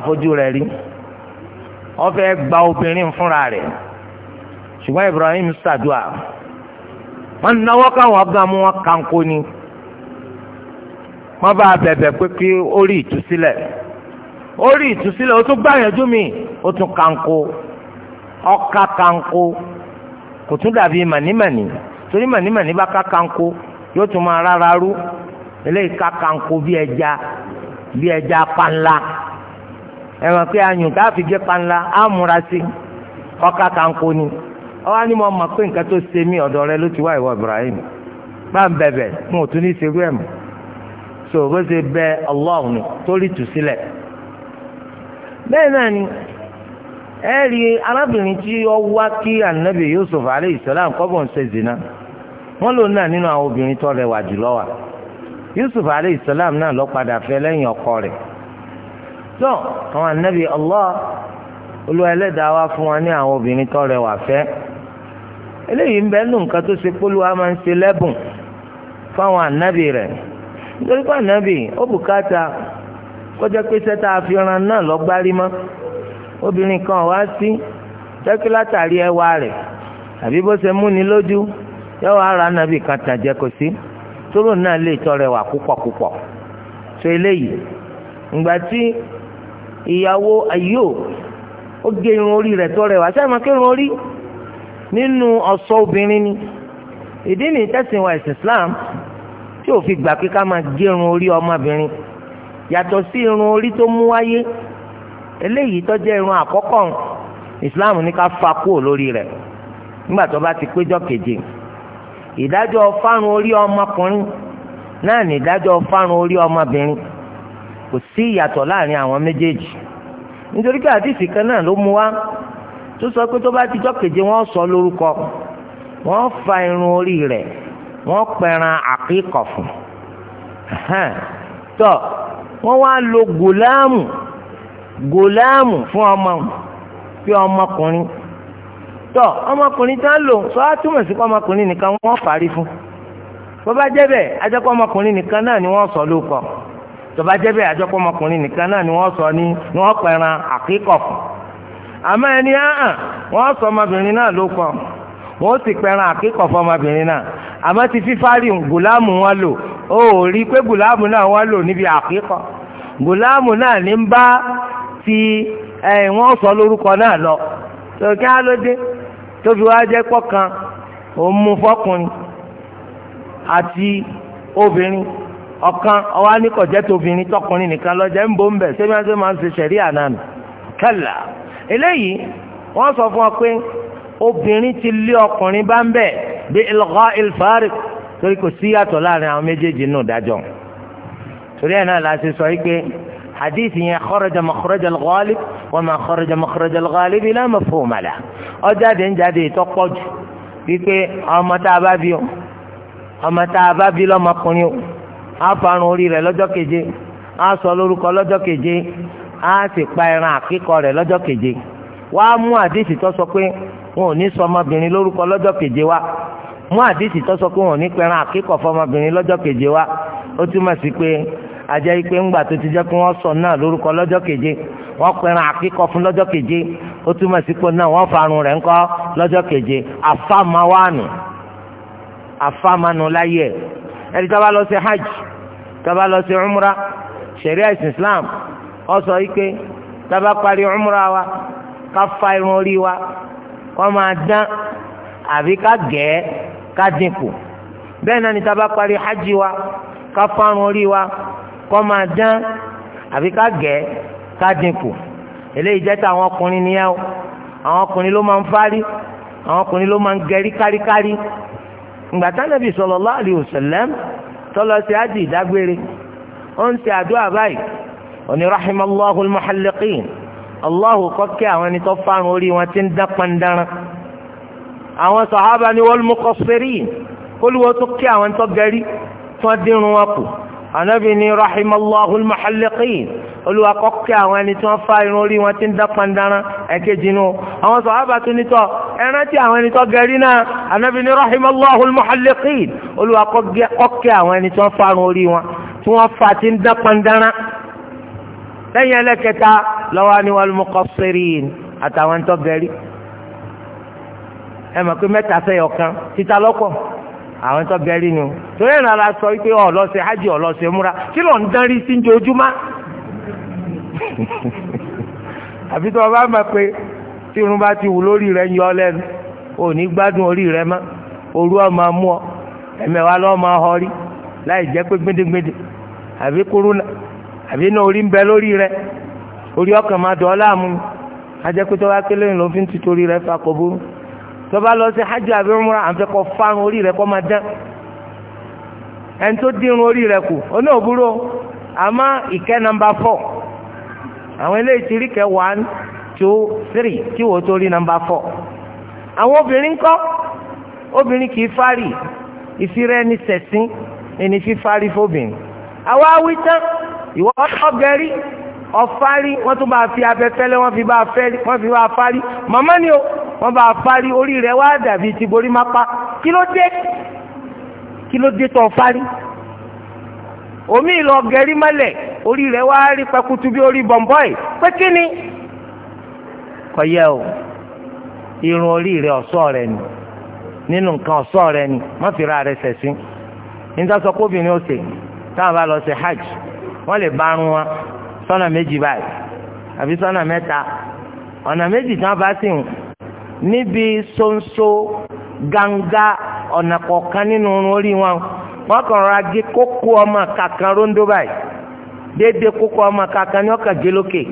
ọba rí gba obìnrin fúnra rẹ̀ ṣùgbọ́n ibrahim ṣàdúà wọ́n náwó káwọn ọgá mú ni ori ọ̀ka kanko kò tún dàbí mànímàní torí mànímàní bá ká kanko yóò tún máa rárá rú eléyìí ká kanko bí ẹja bí ẹja panla ẹ mọ̀ pé gé ni mo mọ̀ pé nǹkan tó ṣe mí ọ̀dọ̀ rẹ ló ti wá ìwọ Ibrahim bá ń bẹ̀bẹ̀ mo tún ní ẹ̀ so bó ṣe bẹ ọlọ́run torí tù sílẹ̀ bẹ́ẹ̀ náà ẹ rí arábìnrin tí ó wá kí anabi yusuf alayhi salam kọ́ bọ̀ ń ṣe zina wọ́n lò náà nínú àwọn obìnrin tó rẹwà jùlọ yusuf alayhi salam náà lọ padà fẹ́ lẹ́yìn ọkọ rẹ̀ tó àwọn anabi allah olú ẹlẹ́dàá wá fún wa ní àwọn obìnrin tó rẹwà fẹ́ eléyìí ń bẹ nù nǹkan tó ṣe polówó anabi rẹ̀ nítorí pé kọjá pé sẹ́tà àfihàn náà mọ́. obìnrin kan wá sí jẹ́kí látàrí ẹwà rẹ̀ àbí bó ṣe múni lójú yóò wá ra nàbì kan tàjẹ́ kò sí tóró náà lè tọrẹ wà púpọ̀púpọ̀ tó eléyìí ìgbà tí ìyàwó ayò ó gé irun orí rẹ̀ tọrẹ wà sáà máa kérun orí nínú ọ̀ṣọ́ obìnrin ni ìdí nìyí tẹ̀sìn wa ẹ̀sìn Islam tí ò fi gbà pé ká máa gé irun orí ọmọbìnrin yàtọ̀ sí irun orí tó mú wáyé. eléyìí tó jẹ́ irun àkọ́kọ́ islam ní ká fa kúrò lórí rẹ̀ nígbà tó bá ti péjọ́ keje ìdájọ́ fárun orí ọmọkùnrin náà ní ìdájọ́ fárun orí ọmọbìnrin kò sí ìyàtọ̀ láàrin àwọn méjèèjì nítorí pé àdìsí kan náà ló mú wá tó sọ pé tó bá ti jọ́ keje wọ́n sọ lórúkọ wọ́n fa irun orí rẹ̀ wọ́n pẹran àkíkọ̀ fún tó wọ́n wá lo gùlámù. gòláàmù fún ọmọ pé ọmọkùnrin tọ ọmọkùnrin tá ń lò sọ á túmọ̀ sí ọmọkùnrin nìkan wọ́n parí fún tó bá jẹ́ bẹ́ẹ̀ ajẹ́pọ̀ ọmọkùnrin nìkan náà ni wọ́n sọ lóko tó bá jẹ́ bẹ́ẹ̀ ajẹ́pọ̀ ọmọkùnrin nìkan náà ni wọ́n sọ ní ni wọ́n pẹran àkíkọ̀ fún àmọ́ ẹni áhàn wọ́n sọ ọmọbìnrin náà lóko wọ́n sì pẹran àkíkọ̀ ọmọbìnrin náà àmọ́ ti fífárì gùlámù wọn lò ó rí i pé gùlámù náà wọ́n lò níbi àkíkọ̀ gùlámù náà ní ń bá tí wọ́n sọ lórúkọ náà lọ tòkí alóde tóbi wá jẹ́ pọ́kan òun mú fọ́kùnrin àti obìnrin ọ̀kan ọwọ́ anìkọ̀jẹ́ tóbìnrin tọkùnrin nìkan lọ́jẹ́ ń bò ń bẹ̀ sẹ́mi àti máa ń ṣe sẹ̀rí ànánu kẹ́là eléyìí wọ́n sọ fún ọ pé obìnrin ti lé ọkùnrin bá ń bẹ̀ bí torí kò láàrin àwọn méjèèjì nù dájọ́ torí ẹ̀ náà la ṣe sọ yìí hadith yẹn kharaja makhraj al-ghalib wa ma kharaja makhraj al-ghalib la mafhuma lahu ọjáde ń jáde ìtọ́pọ̀ jù wípé ọmọ tá a bá bí o ọmọ tá a bá bí lọ́mọkùnrin o á farun orí rẹ̀ lọ́jọ́ keje á sọ lórúkọ lọ́jọ́ keje á sì pa ẹran àkíkọ rẹ̀ lọ́jọ́ keje wá mú àdìsí tó sọ pé wọn ò ní sọ ọmọbìnrin lórúkọ lọ́jọ́ keje wá mú àdìsí tó sọ pé wọn ò ní pẹran àkíkọ fọmọbìnrin lọ́jọ́ keje wá ó túmọ̀ sí pé ajẹ́ ikpe ńgbà tó ti jẹ́ kí wọ́n sọ náà lórúkọ lọ́jọ́ keje wọ́n pẹ̀ràn àkíkọ fún lọ́jọ́ keje ó túmọ̀ sí pé náà wọ́n farun rẹ̀ ńkọ́ lọ́jọ́ keje wà nù, àfàmáwánu nù láyé ẹni tó bá lọ sí hajj tó bá lọ sí umra ṣẹ̀ríà ẹ̀sìn islam ọ sọ ikpe tó bá parí umra wa ká fa irun orí wa kó máa dán àbí ká gẹ̀ẹ́ ká dínkù bẹ́ẹ̀ náà ni tá bá parí hajj wa ka fárun orí wa kọ́ máa dán àbí ká gẹ̀ ká dínkù eléyìí jẹ́ táwọn ọkùnrin nìyẹn o àwọn ọkùnrin ló máa ń fárí àwọn ọkùnrin ló máa ń gẹrí káríkárí ìgbàtà nàbì sallallahu alaihi wasallam tọ́lọ sí ájì ìdágbére ó ń ṣe àdúrà báyìí òní rahimallahu almuhalliqin allahu kọ́kẹ́ àwọn ẹni tó fárun orí wọn ti ń dán pandanran àwọn sàhábà ni wal muqassirin kólúwọ́ tó kí àwọn tó gẹrí tó dínrún wọn kù anabi ni rahimallahu almuhalliqin olúwa kọ́kẹ́ àwọn ẹni tí wọ́n fa irun orí wọn ti ń dápọn dáná ẹ̀kejì nù àwọn sọ̀hábà tún nítọ̀ ẹran tí àwọn ẹni tó gẹ̀rí náà anabi ni rahimallahu almuhalliqin olúwa kọ́kẹ́ àwọn ẹni tí wọ́n fa irun orí wọn tí wọ́n fa ti ń dápọn dáná lẹ́yìn ẹlẹ́kẹta lọ́wọ́ ni wal muqassirin àtàwọn ẹni tó gẹ̀rí ẹ mọ̀ pé mẹ́ta fẹ́ yọ̀ kan títa lọ́pọ̀ àwọn tó bẹ rí nu torí ẹ̀rọ ara sọ pé ọlọ́sẹ̀ hajj ọlọ́sẹ̀ múra kí ló ń darí sí ojoojúmọ́ <laughs> àfi tó bá mọ̀ pé tí irun bá ti wù lórí rẹ̀ yọ lẹ́nu ò ní gbádùn orí rẹ̀ mọ́ òru ọmọ mú ọ ẹ̀mẹ̀wá lọ́mọ ọrí láì jẹ́ pé àbí àbí náà orí ń bẹ lórí rẹ̀ orí ọkàn máa dọ̀ ọ́ láàmú kélé fi ń rẹ̀ fa tó bá lọ sí hajj àbí umra àǹfẹ́ kọ́ fárun orí rẹ̀ kọ́ máa dán ẹni tó dínrún orí rẹ̀ kù oní òbúrò àmọ́ ìkẹ́ nọmba fọ́ àwọn eléyìí ti rí kẹ́ one two three tí wò ó tó rí nọmba fọ́ àwọn obìnrin kọ́ obìnrin kì í fárì ìfirẹ́ ní sẹ̀sìn ẹni fífárí fóbìnrin àwa wí tán ìwọ ọgẹ́rí ọ̀fárí wọ́n tún bá fi abẹ́fẹ́lẹ́ wọ́n fi bá fẹ́rí wọ́n fi bá fárí màmá ni o wọ́n bá fárí orí rẹ̀ wá dàbí ti borí má pa kí ló dé kí ló dé tó fárí omi ìlọ gẹ̀rí mọ́lẹ̀ orí rẹ̀ wá rí pẹkutu bí orí bọ̀m̀bọ́ì pé kí ni kò o irun orí rẹ̀ ọ̀ṣọ́ rẹ̀ ni nínú nǹkan ọ̀ṣọ́ rẹ̀ ni má fi ra rẹ̀ sẹ̀sìn nígbà sọ kóbìnrin ó sè táwọn bá lọ ṣe hajj wọ́n lè bá arún wa sọ́nà méjì báyìí àbí sọ́nà mẹ́ta ọ̀nà méjì tí wọ́n bá sì ń níbi ṣonṣo ganga ọ̀nà kọ̀ọ̀kan nínú orí wọn wọ́n kàn ra gé kókó ọmọ kankan róńdó báyìí dédé kókó ọmọ kankan ní ọkàn gé lókè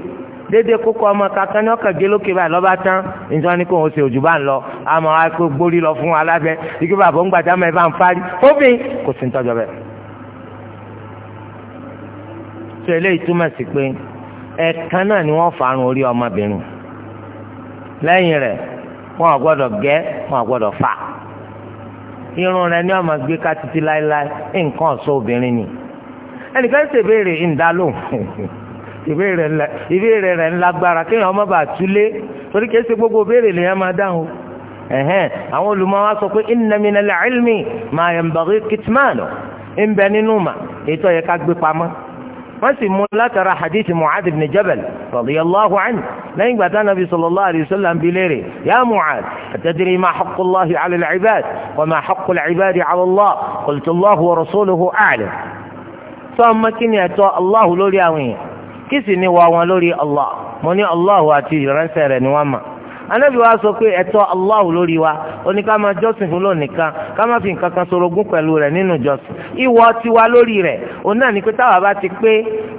dédé kókó ọmọ kankan ní ọkàn gé lókè báyìí lọ́ba tán nítorí ní kò ń ṣe òjò bá ń lọ àmọ́ àìkú gbórí lọ fún alábẹ́ ike bàbá ń gbàdámẹ́ bá ń parí fófin kò sí ń tọ́jọ́ bẹ́ẹ̀ sọ eléyìí túmọ̀ sí pé ẹ̀ẹ̀kan náà ni wọ́n farun orí ọmọbìnrin lẹ́yìn rẹ̀ wọn ò gbọ́dọ̀ gẹ́ wọn ò gbọ́dọ̀ fà irun rẹ̀ ni wọ́n máa gbé ká títí láéláé nǹkan ọ̀ṣọ́ obìnrin ni ẹnìkan ṣèbéèrè ìdálóhùn <laughs> ìbéèrè rẹ̀ ńlágbára kéèyàn ọmọ bá túlé torí kìí ṣe gbogbo béèrè lèèyàn máa dáhùn ẹ̀hẹ́n àwọn olùmọ̀ wa sọ pé inna minal ilmi ma yanbaghi kitmanu ń bẹ nínú mà ètò yẹ ká gbé pamọ́ wọ́n sì mú látara hadith mu'ad ibn jabal radiyallahu anhu lẹ́yìn ìgbà tá nàbí sallallahu alayhi wa sallam bi léèrè ya mu'ad atadri ma haqqullahi ala al-ibad wa ma haqqul ibadi ala allah qultu allah wa rasuluhu a'lam sọ ọmọ kí ni ẹ̀tọ́ allah lórí àwọn èèyàn kí sì ni wà wọn lórí allah mo ní allah àti ìránṣẹ́ rẹ̀ ni wọ́n mọ̀ anabi wa sọ pé ẹ̀tọ́ allah lórí wa ó ní ká máa jọ́sìn fún lónìí kan ká má fi nǹkan kan sorogún pẹ̀lú rẹ̀ nínú jọ́sìn ìwọ tiwa lórí rẹ̀ òun náà ní pé táwa bá ti pé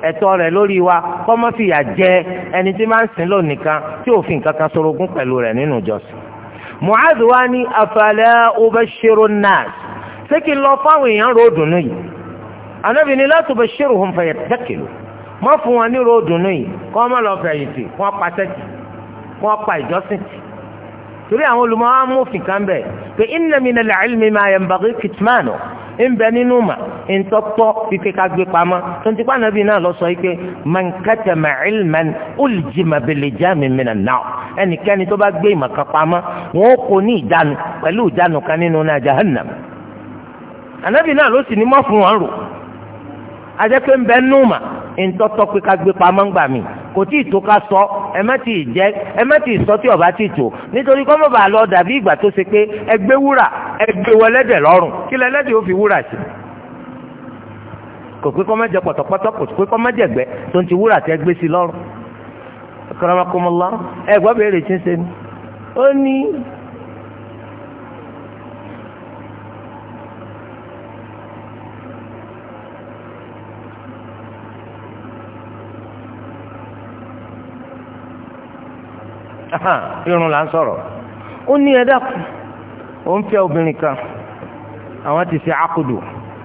ẹ̀tọ́ rẹ̀ lórí wa kọ́ má fìyà jẹ ẹni tí máa ń sìn lónìí tí ò fi nǹkan kan sorogún pẹ̀lú rẹ̀ nínú jọ́sìn. mu'adh wa ní afala ubashiru nas ṣé kí n lọ fáwọn èèyàn ròdùnú yìí anabi ni la tubashiruhum fayattakilu mọ́ fún wọn ní ròdùnú yìí kọ́ má lọ fẹ̀yìntì wọ́n pàṣẹ wọ́n pa ìjọsìn tì torí àwọn olùmọ̀ wa mú òfin kan bẹ̀ pé inna minal ilmi ma yanbaghi kitmanu ń bẹ nínú mà ń tọ́tọ́ fífi ká gbé pamọ́ tó ń tipa nàbí náà lọ sọ yìí pé man katama ilman uljima bilijami minan nar ẹnikẹ́ni tó bá gbé ìmọ̀ kan pamọ́ wọn kò ní ìdánu pẹ̀lú ìdánu kan nínú náà jahannam ànábì náà ló sì ní mọ́ fún wọn rò ajẹ́ pé nínú mà ń tọ́tọ́ ká gbé pamọ́ ń gbà kò tí ì tó ká sọ ẹ má tí ì jẹ ẹ má tí ì sọ tí ọba tí ì tó nítorí kọ́ mọ̀ bá lọ dàbí ìgbà tó ṣe pé ẹgbẹ́ wúrà ẹgbẹ́ wọlẹ́dẹ̀ lọ́rùn kí lẹ́lẹ́dẹ̀ ó fi wúrà sí kò pé kọ́ má jẹ pọ̀tọ̀pọ̀tọ̀ kò pé kọ́ má jẹ gbẹ tó ń ti wúrà tẹ́ gbé sí lọ́rùn. karamakumullah ẹ̀gbọ́n bẹ̀rẹ̀ ṣe ń ṣe ni ó ní irun là ń sọ̀rọ̀ ó ní ẹ̀dá ó ń fẹ́ obìnrin kan àwọn ti ṣe àkùdù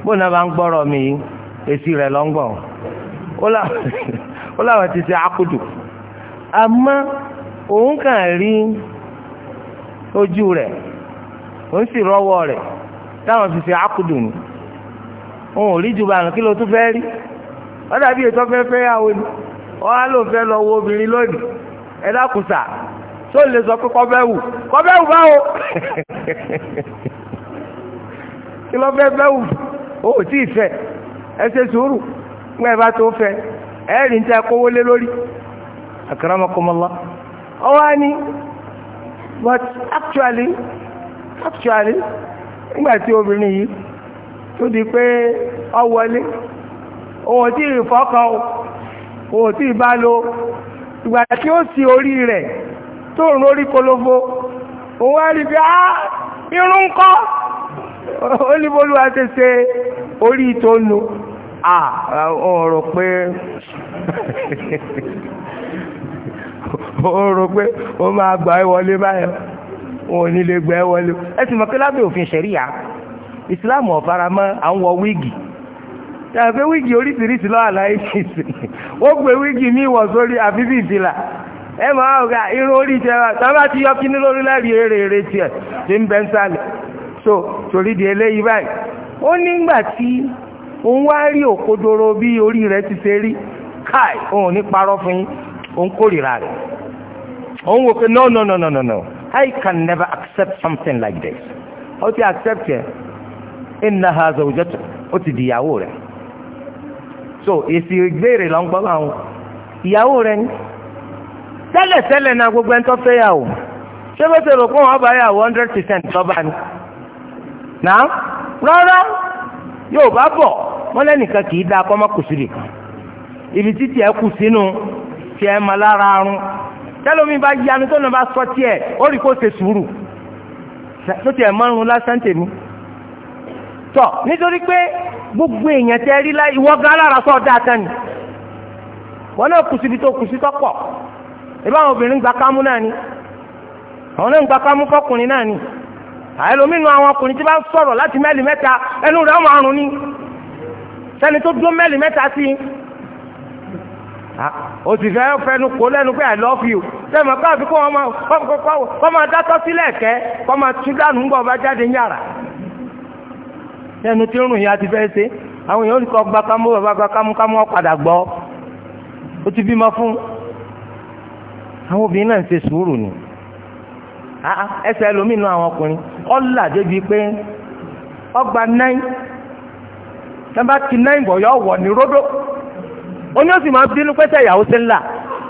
bóun náà bá ń gbọ́rọ̀ mi yìí èsì rẹ̀ lọ́ ń gbọ̀ ó láwọn ti ṣe àkùdù àmọ́ òun kàn rí ojú rẹ̀ òun sì rọ́wọ́ rẹ̀ táwọn fi ṣe àkùdù ni òun ò rí ju bàánù kí ló tún fẹ́ rí ó dàbí ètò fẹ́fẹ́ yàwó wọ́n á lò fẹ́ lọ wo obìnrin lónìí ẹ dákùsà tó lè sọ pé kọ́bẹ́wù kọ́bẹ́wù báwo <laughs> kí ló fẹ́ bẹ́wù o tí ì fẹ́ ẹ ṣe sùúrù pé bá tó fẹ́ ẹ rìn tí a kówó lé lórí akramakumullah ọ wá ní but actually actually nígbà tí obìnrin yìí tó di pé ọ wọlé òun tí ì òun tí ì bá lo ìgbà tí ó tó rùn orí polówó òun a rí bí á ah, irun ń kọ́ ó ní bólú ṣe orí tó ọ̀rọ̀ pé ọ̀rọ̀ pé ó máa gbà báyọ̀ wọn ní lè gbà ẹ́ wọlé mọ̀ pé òfin ìsìláàmù wọ wíìgì tàbí wíìgì oríṣiríṣi lọ́wọ́ wọ́n gbé wíìgì ní sórí àbíbí ẹ máa ọ̀gá irun orí ìjẹba tán bá ti yọ kí ní lórí láàrí eré eré tiẹ̀ tí ń bẹ́ ń sálẹ̀ so torí di eléyìí báyìí ó nígbà tí òun wá rí òkodoro bí orí rẹ̀ ti ṣe rí káì òun ní parọ́ fún òun kórìíra rẹ̀ òun wò pé no no no no no no I can never accept something like this ó ti accept yẹn ìnà ha zòwòjẹ́tò ó ti di ìyàwó rẹ̀ so èsì ìgbéèrè lọ́ngbọ́n àwọn ìyàwó rẹ̀ ni. tẹ́lẹ̀tẹ́lẹ̀ na gbogbo ẹni tó fẹ́ yà wò ṣé bó ṣe rò pé wọ́n yọọ yà wò hundred ni. náà rárá yóò bá bọ̀ wọ́n lẹ́nìkan kì í da akọ́mọ́ kù nìkan ibi tí tiẹ̀ kù sínú tiẹ̀ mọ lára arún tẹ́lómi bá yanu tó náà bá sọ tiẹ̀ ó rí kó ṣe sùúrù tó tiẹ̀ márùn lásán tèmi. tọ́ nítorí pé gbogbo èèyàn tẹ́ rí láì wọ́n gán lára sọ́ọ́ dáa tán ni wọ́n náà tó tọ́pọ̀. ìbá obìnrin gbakamu náà ni àwọn náà ń kọkùnrin náà ni àìlómìnú àwọn ọkùnrin tí bá sọ̀rọ̀ láti mẹ́lì mẹ́ta ẹnu rẹ̀ àrùn ni sẹ́ni tó dúró mẹ́lì mẹ́ta sí o sì fẹ́ fẹnu kó lẹ́nu pé i love you sẹ́mi ọ̀ká kó wọ́n máa dátọ́ sílẹ̀ kẹ́ kó máa tún dànù ń bọ̀ bá jáde yàrá tí ń rùn yìí a ti fẹ́ àwọn obìnrin náà ń ṣe sùúrù ni ah, ah, ẹsẹ̀ ẹlòmíì nù àwọn ọkùnrin ọ̀là débi pé ọgbà náì nàbà tí náì bọ̀ yọ wọ̀ ní ródó ó ní ó sì máa bínú pẹ́sẹ̀ ìyàwó sí ńlá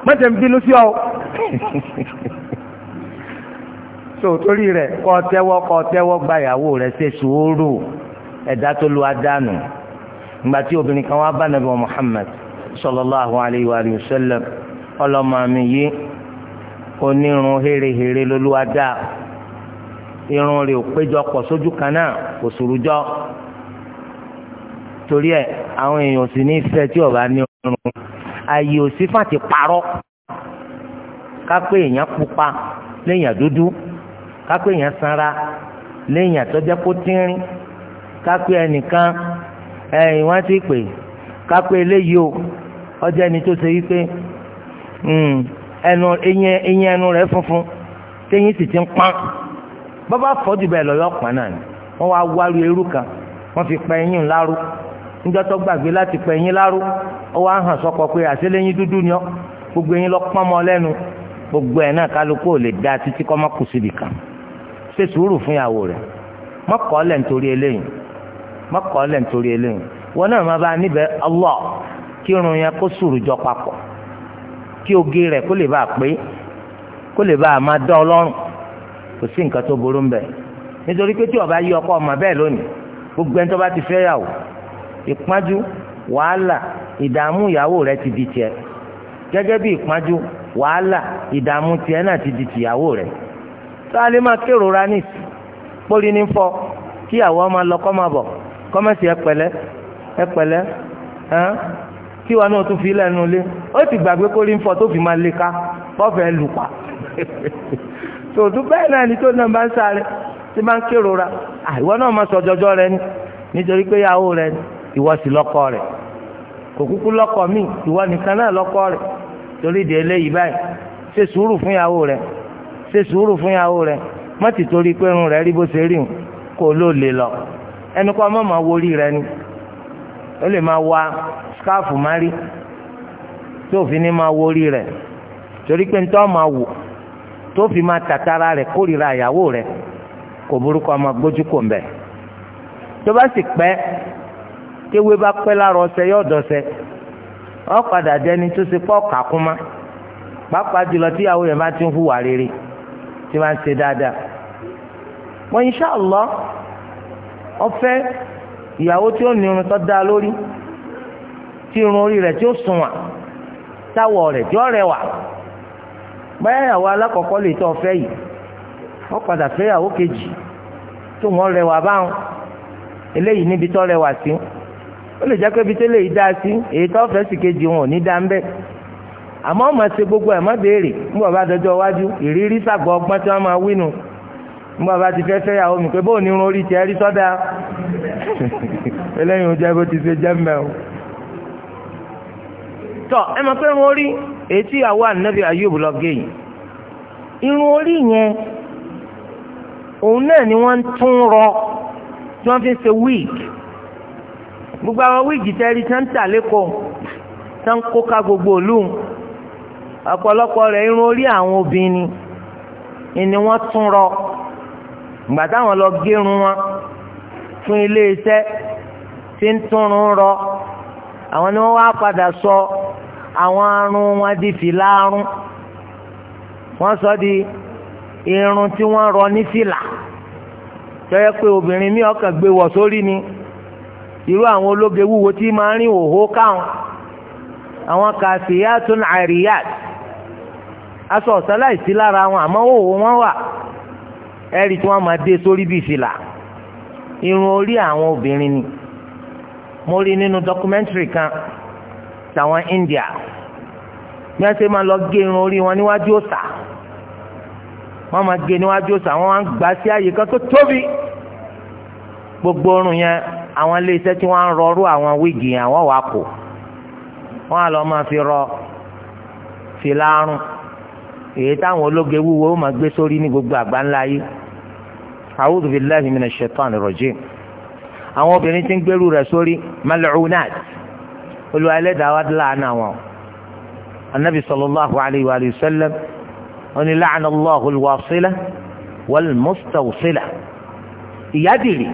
mẹ́tẹ̀ ń bínú sí ọ <laughs> so torí rẹ̀ kọ́ tẹ́wọ́ kọ́ tẹ́wọ́ gba ìyàwó rẹ̀ ṣe sùúrù ẹ̀dá tó lu adánù ìgbà tí obìnrin kan wá bá nàbẹ̀ Muhammad sallallahu alayhi wa sallam ọlọ́mọ mi yìí. onírun hérehère lolúwa dá irun o ò péjọpọ̀ sójú kan náà kò sùrùjọ́ torí ẹ àwọn èèyàn sì ní fẹ́ tí ọba ní irun ààyè ò sí fàtí parọ́ kápẹ́ èèyàn pupa léèyàn dúdú kápẹ́ èèyàn sanra léèyàn tọ́jẹ́ kó tínrín ẹnìkan eléyìí o ẹni tó ṣe wípé. Hmm, ẹnu eyín eyín ẹnu rẹ̀ funfun téyín sì ti ń pọ́n bàbá fọ́jú bẹ́ẹ̀ lọ́yọ́ pọ́n náà ni wọ́n wá wárú eérú kan wọ́n fi pa eyín láró níjọ́ tó gbàgbé láti pa eyín láró ó wá hàn sọ́kọ pé àṣẹlẹ́yìn dúdú ni gbogbo enyi lọ pọ́n mọ́ gbogbo ẹ̀ náà kálukú ò lè da títí kọ́ má kù síbi kan ṣe sùúrù fún ìyàwó nítorí eléyìí lẹ nítorí eléyìí wọn náà má bá kírun yẹn kó sùúrù jọ kí oge rẹ̀ kó lè bá a pé kó lè bá a máa dá ọlọ́run kò sí nǹkan tó burú ń bẹ̀ nítorí pé tí ọba yí ọkọ ọmọ bẹ́ẹ̀ lónìí gbogbo ẹni tó bá ti fẹ́ yàwó ìpájú wàhálà ìdààmú ìyàwó rẹ̀ ti di tiẹ̀ gẹ́gẹ́ bí ìpájú wàhálà ìdààmú tiẹ̀ náà ti di tìyàwó rẹ̀ tó a lè máa kérora ní pólí ní fọ kíyàwó ọmọ lọ máa bọ̀ kọ́mẹ́sì ẹpẹ̀lẹ́ ẹpẹ̀lẹ́ kí wọn náà tún fi lẹ́nu lé ó ti gbàgbé kó rí ń fọ tó fi máa lé ká bọ́ọ̀fẹ́ lù pa <laughs> tòtú bẹ́ẹ̀ náà ni tó náà bá ń sáré tí bá ń kérora àìwọ náà máa sọ jọjọ rẹ ni nítorí pé ìyàwó rẹ ni ìwọ sì lọ́kọ rẹ kò kúkú lọ́kọ mi ìwọ nìkan náà lọ́kọ rẹ torí ìdè eléyìí báyìí ṣe sùúrù fún ìyàwó rẹ ṣe sùúrù fún ìyàwó rẹ má ti torí pé irun rẹ rí bó ṣe rí kò ló lè lọ ẹnu kọ́ mọ́ rẹ ni. ó lè máa wa skáàfù má tó fi ní máa wo orí rẹ̀ torí pé nítorí máa wò tó fi máa tàtàrà rẹ̀ kórìíra àyàwó rẹ̀ kò burúkú ọmọ gbójú kò ń tó bá sì pẹ́ kéwé bá pẹ́ lára ọsẹ yóò dẹni tó ṣe pọ̀ kàkúmá pàápàá jùlọ tíyàwó yẹn bá ti rere tí wọ́n ń ṣe dáadáa wọ́n inṣàlọ́ ìyàwó tí ó ní irun tó dáa lórí tí irun orí rẹ̀ tí ó sunwọ̀n táwọ̀ rẹ̀ tí ó rẹwà báyà ìyàwó alákọ̀ọ́kọ́ lè tọ́ fẹ́ yìí wọ́n padà fẹ́ ìyàwó kejì tó wọ́n rẹwà báwọn eléyìí níbi tó rẹwà sí ó lè jẹ́ pé ibi tó lè dá sí èyí tó fẹ́ sì kejì wọn ò ní dá ń bẹ́ẹ̀ àmọ́ ọmọ ṣe gbogbo ẹ̀ má béèrè ń bọ̀ bá dọjọ́ iwájú ìrírí sàgbọ́ ọgbọ́n tí wọ́n máa wí nu nígbà bá ti fẹ́ fẹ́yàwó mi pé bóò ní irun orí tiẹ̀ rí sọ́dà <laughs> eléyìí ó jẹ́ bó ti ṣe jẹ́ mẹ́wò. tọ ẹ mọ̀ pé irun orí etí ìyàwó ànábì ayub lọ gé yìí irun orí yẹn òun náà ni wọ́n ń tún rọ tí wọ́n fi ń ṣe wíìgì gbogbo àwọn wíìgì tẹ́rí tí wọ́n ń tà lẹ́kọ̀ọ́ tí kó ká gbogbo òlù ọ̀pọ̀lọpọ̀ rẹ̀ irun orí àwọn obìnrin ni wọ́n tún rọ ìgbà táwọn lọ gérun wọn fún iléeṣẹ́ tí ń túnrun rọ àwọn ni wọ́n wá padà sọ àwọn arun wọn di fìlà arun wọ́n sọ di irun tí wọ́n rọ ní fìlà tọ́yẹ pé obìnrin mi ọkàn gbé wọ̀ sórí ni irú àwọn ológe wúwo tí máa ń rìn òhó káwọn àwọn kàfíyà tún àríyá aṣọ ọ̀sán láìsí lára wọn àmọ́ òhó wọn wà ẹ̀rí tí wọ́n máa dé sórí bíi fìlà irun orí àwọn obìnrin ni mo rí nínú documentary kan tàwọn India bí wọ́n ṣe máa lọ gé irun orí wọn níwájú òòṣà wọ́n máa gé níwájú òòṣà wọ́n máa ń gbà sí àyè kan tó tóbi gbogbo orun yẹn àwọn iléeṣẹ́ tí wọ́n ń rọrú àwọn wíìgì yẹn àwọn wà kù wọ́n á lọ máa fi rọ fìlà arùn èyí táwọn ológe wúwo ó máa gbé sórí ní gbogbo àgbáńlá yìí a'udhu billahi minash shaitani rajim àwọn obìnrin tí ń gbèrú rẹ̀ sórí mal'unat olùwà ẹlẹ́dàá láàánà wọn anabi sallallahu alayhi wa sallam oní la'ana Allahu al-wasila wal-mustawsila ìyádìrí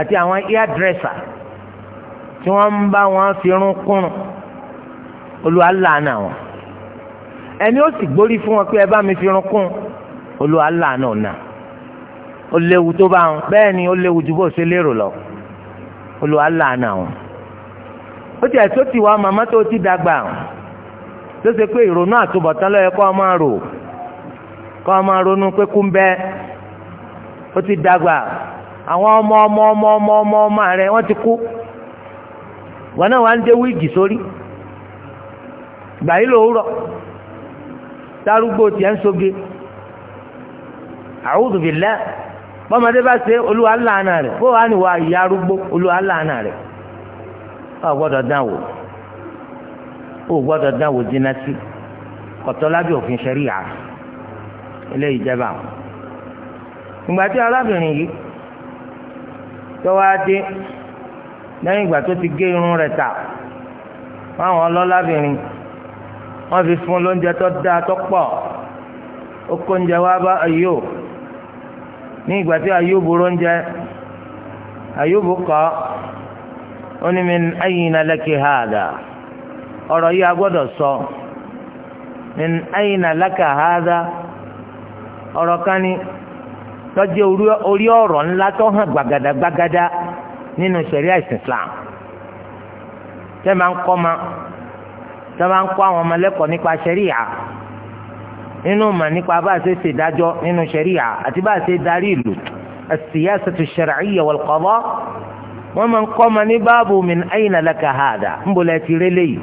àti àwọn hairdresser tí wọ́n ń bá wọn fi irun olùwà láàánà wọn ẹni ó sì gbórí fún wọn pé ẹ bá mi fi kún olùwà láàánà náà. ó léwu tó bá wọn bẹ́ẹ̀ ni ó léwu ju bó ṣe lérò lọ Olúwa làánà wọn. ó ti ẹ̀sọ́ ti wá màmá tó ti dàgbà tó ṣe pé ìrònú àtúbọ̀tán lọ́yẹ kọ́ ọ máa rò kọ́ ọ máa ronú pé kú ń bẹ́ ti dàgbà àwọn ọmọ ọmọ ọmọ ọmọ ọmọ ọmọ rẹ wọ́n ti wọn náà wá ń dé wíìgì sórí tiẹ̀ ń soge bọ́mọdé bá ṣe olúwa làánà rẹ̀ bó wàá níwọ̀ ìyá arúgbó olúwa làánà rẹ̀ ọ̀ gbọ́dọ̀ dán wò ó gbọ́dọ̀ dán wò jìnnà sí kọ̀tọ́ lábẹ́ òfin ṣẹ̀ríyà eléyìí jẹba àwọn. ìgbà tí arábìnrin yìí tó wá dé lẹ́yìn ìgbà tó ti gé irun rẹ̀ ta fáwọn ọlọ́lábìnrin wọ́n fi fún lóúnjẹ tó dáa tó pọ̀ ó kó oúnjẹ wá bá ayò. ní ìgbà tí ayóbo róúnjẹ ayóbo kọ́ ó ní min ayna laki hada ọ̀rọ̀ yìí a sọ min ayna laka hada ọ̀rọ̀ kan ní tọ́jú orí ọ̀rọ̀ ńlá tó hàn gbàgàdàgbàgàdà nínú Islam tẹ́ máa ń kọ́ ma tẹ́ máa ń kọ́ àwọn ọmọ nínú ma nípa bá a ṣe ṣe dájọ́ nínú ṣẹ̀ríà àti bá a ṣe darí ìlú as-siyasatu ash-shar'iyya wal-qada wọ́n máa ń kọ́ ma ní min ayna laka hada ń bọ̀lẹ̀ ti rélé yìí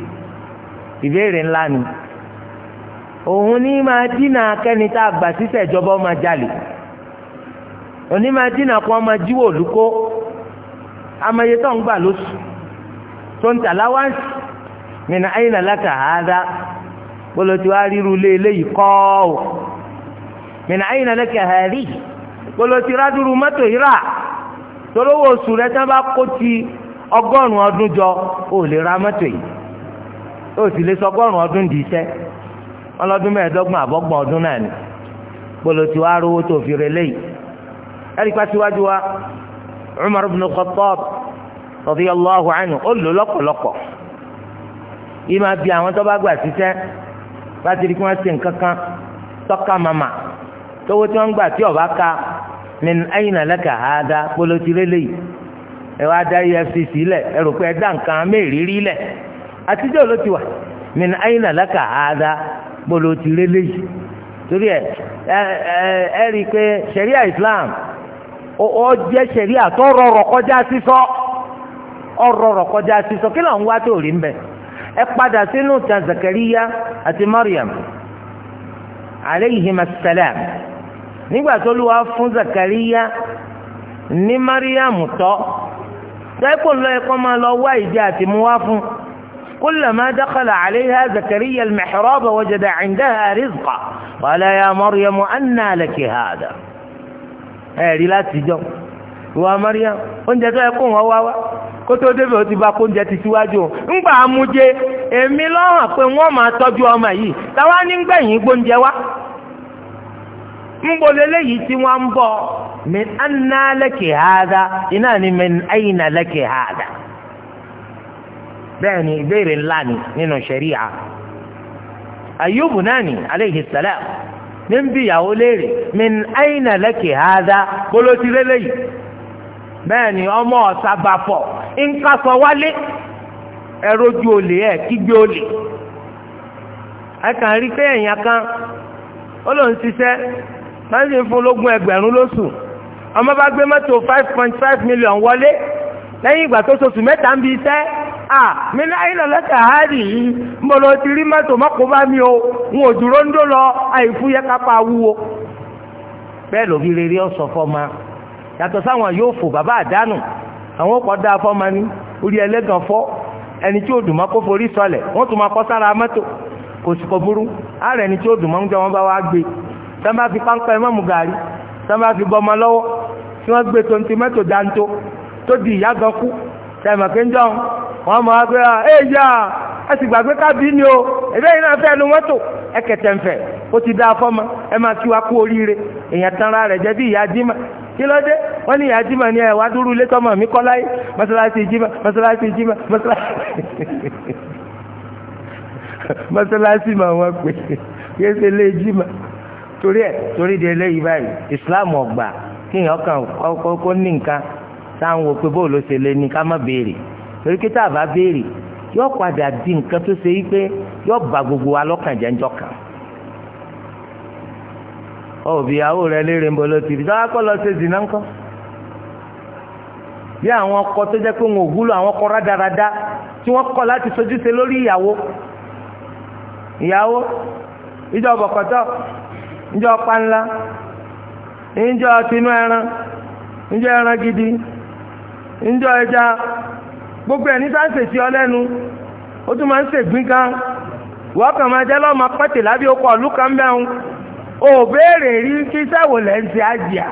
ìbéèrè ńlá ni òun ní máa dínà kẹ́ni tá a gbà síṣẹ́ ìjọba ọmọ jalè òní máa dínà kó ọmọ jíwò olùkó amáyé tó ń gbà lóṣù tó ń bọ́lá tí wàá rí irú ilé eléyìí kọ́ ọ́ mìnà àyìnà lẹ́kẹ̀ hẹ́rì bọ́lá tí rádùrú mọ́tò yìí rà torówó oṣù rẹ bá kó ti ọgọ́rùn-ún ọdún jọ ò lè ra mọ́tò yìí ó sì lè sọ ọgọ́rùn-ún ọdún di iṣẹ́ ọlọ́dún mẹ́ẹ̀ẹ́dọ́gbọ̀n àbọ́gbọ̀n ọdún náà ni bọ́lá tí wàá rówó tó fi rẹ lẹ́yìn ẹ̀rí pàṣíwájú wa Umar ibn Khattab radiyallahu anhu ó lò ìmọ̀ bí láti rí kí wọ́n ṣe nǹkan kan tọ́ka màmá tówó tí wọ́n gbà ka ní ẹ̀yìn àádá polótí ẹ EFCC pé ẹ dá nǹkan mẹ́rìírí àtijọ́ ló ti wà ní ẹ̀yìn àádá polótí torí ẹ ẹ ẹ rí i Islam jẹ́ tó rọrọ̀ kọjá sísọ kọjá sísọ kí wá ẹ padà sínú ta Zakariya àti Maryam aleyhima salam nígbà tó lù wá fún Zakariya ní Maryam tọ́ sẹ́kù lọ ẹ̀kọ́ máa lọ wá ìdí àti mú wá fún كلما دخل عليها زكريا المحراب وجد عندها رزقا قال يا مريم أنى لك هذا ẹ̀rí láti jọ ìwà Maryam oúnjẹ tó ẹkùn wọ́wọ́wọ́ kó tó débẹ̀ o ti bá kóúnjẹ ti síwájú ńgbà amújẹ èmi lọ́hàn pé wọ́n máa tọ́jú ọmọ yìí táwa ní gbẹ̀yìn gbóúnjẹ wá ńgbò lélẹ́yìí tí wọ́n ń bọ̀ mi anna lẹ́kẹ̀ hàdá iná ni mi ayina lẹ́kẹ̀ hàdá bẹ́ẹ̀ ni ìbéèrè ńlá ni nínú ayubu náà ni aleyhi salam ìyàwó léèrè mi bẹ́ẹ̀ ni ọmọ ọ̀sà bá fọ̀ nkásọ wálé ẹ̀rọjú olè ẹ̀ kígbe olè ẹ rí pé èèyàn kan ó lòún ṣiṣẹ́ sisẹ fún ológun ẹgbẹ̀rún lóṣù ọmọ bá gbé mọ́tò million wọlé lẹ́yìn ìgbà tó ṣoṣù mẹ́ta ń bi iṣẹ́ à mí láyé lọ́lọ́tà hádì yìí mo ti rí mọ́tò mọ́kò bá mi o n ò ń dó lọ àìfúyẹ́ kápá wúwo bẹ́ẹ̀ lòbí rere yàtọ̀ sáwọn yóò fò bàbá àdánù àwọn ọ̀pọ̀ dá afọ́ máa ní orí ẹlẹ́gàn fọ́ ẹni tí ó dùn máa kó forí sọlẹ̀ wọ́n tún máa kọ́ sára mọ́tò kò sì kò burú ààrẹ ẹni tí ó dùn máa ń jọ wọn bá wá gbé tán bá fi páńpẹ́ mọ́mù gàrí tán bá fi bọmọ lọ́wọ́ tí wọ́n gbé tonti mọ́tò dáńtó tó di ìyá gan kú tẹ̀mọ̀ kí ń jọ wọn máa gbé ọ ẹ yá ẹ sì gbàgbé kábí ni o ẹgbẹ́ yìí náà fẹ́ nu mọ́tò ẹ kẹ̀tẹ̀ ń fẹ̀ ó ti dá afọ́mọ ẹ máa kí wa kú oríire èèyàn tanra rẹ̀ jẹ́ bí ìyá dímọ̀ kí ló dé wọ́n ní ìyá jimá ni ẹ̀wá dúró ilé tọ́mọ̀ mi kọ́ láyé mọ́sálásí jimá mọ́sálásí jimá <laughs> mọ́sálásí mà wọ́n pè é ṣe lé jimá torí ẹ̀ torí de eléyìí báyìí Islam ọ̀gbà kí èèyàn kan kó ní nǹkan táwọn wò pé bóòlù ṣe lé ní ká má béèrè torí kí tá a bá béèrè yóò padà di nǹkan tó ṣe yí pé yóò bà gbogbo wa lọ́kàn kan. bi ìyàwó rẹ léèrè ńbọ ló ti rí lọ ńkọ́ bí àwọn ọkọ tó jẹ́ pé wọn àwọn ọkọ rádaràda tí wọ́n kọ̀ láti sojúṣe lórí ìyàwó ìyàwó ìjọ bọ̀kọ̀tọ̀ ìjọ panla ìjọ tinú ẹran ìjọ ẹran gidi ìjọ gbogbo ẹni tá ń ó tún máa ń wọ́n kàn máa jẹ́ lọ́ọ́ máa pẹ́tẹ̀ lábẹ́ ò béèrè rí kí sẹ́wò ń ṣe àjìyà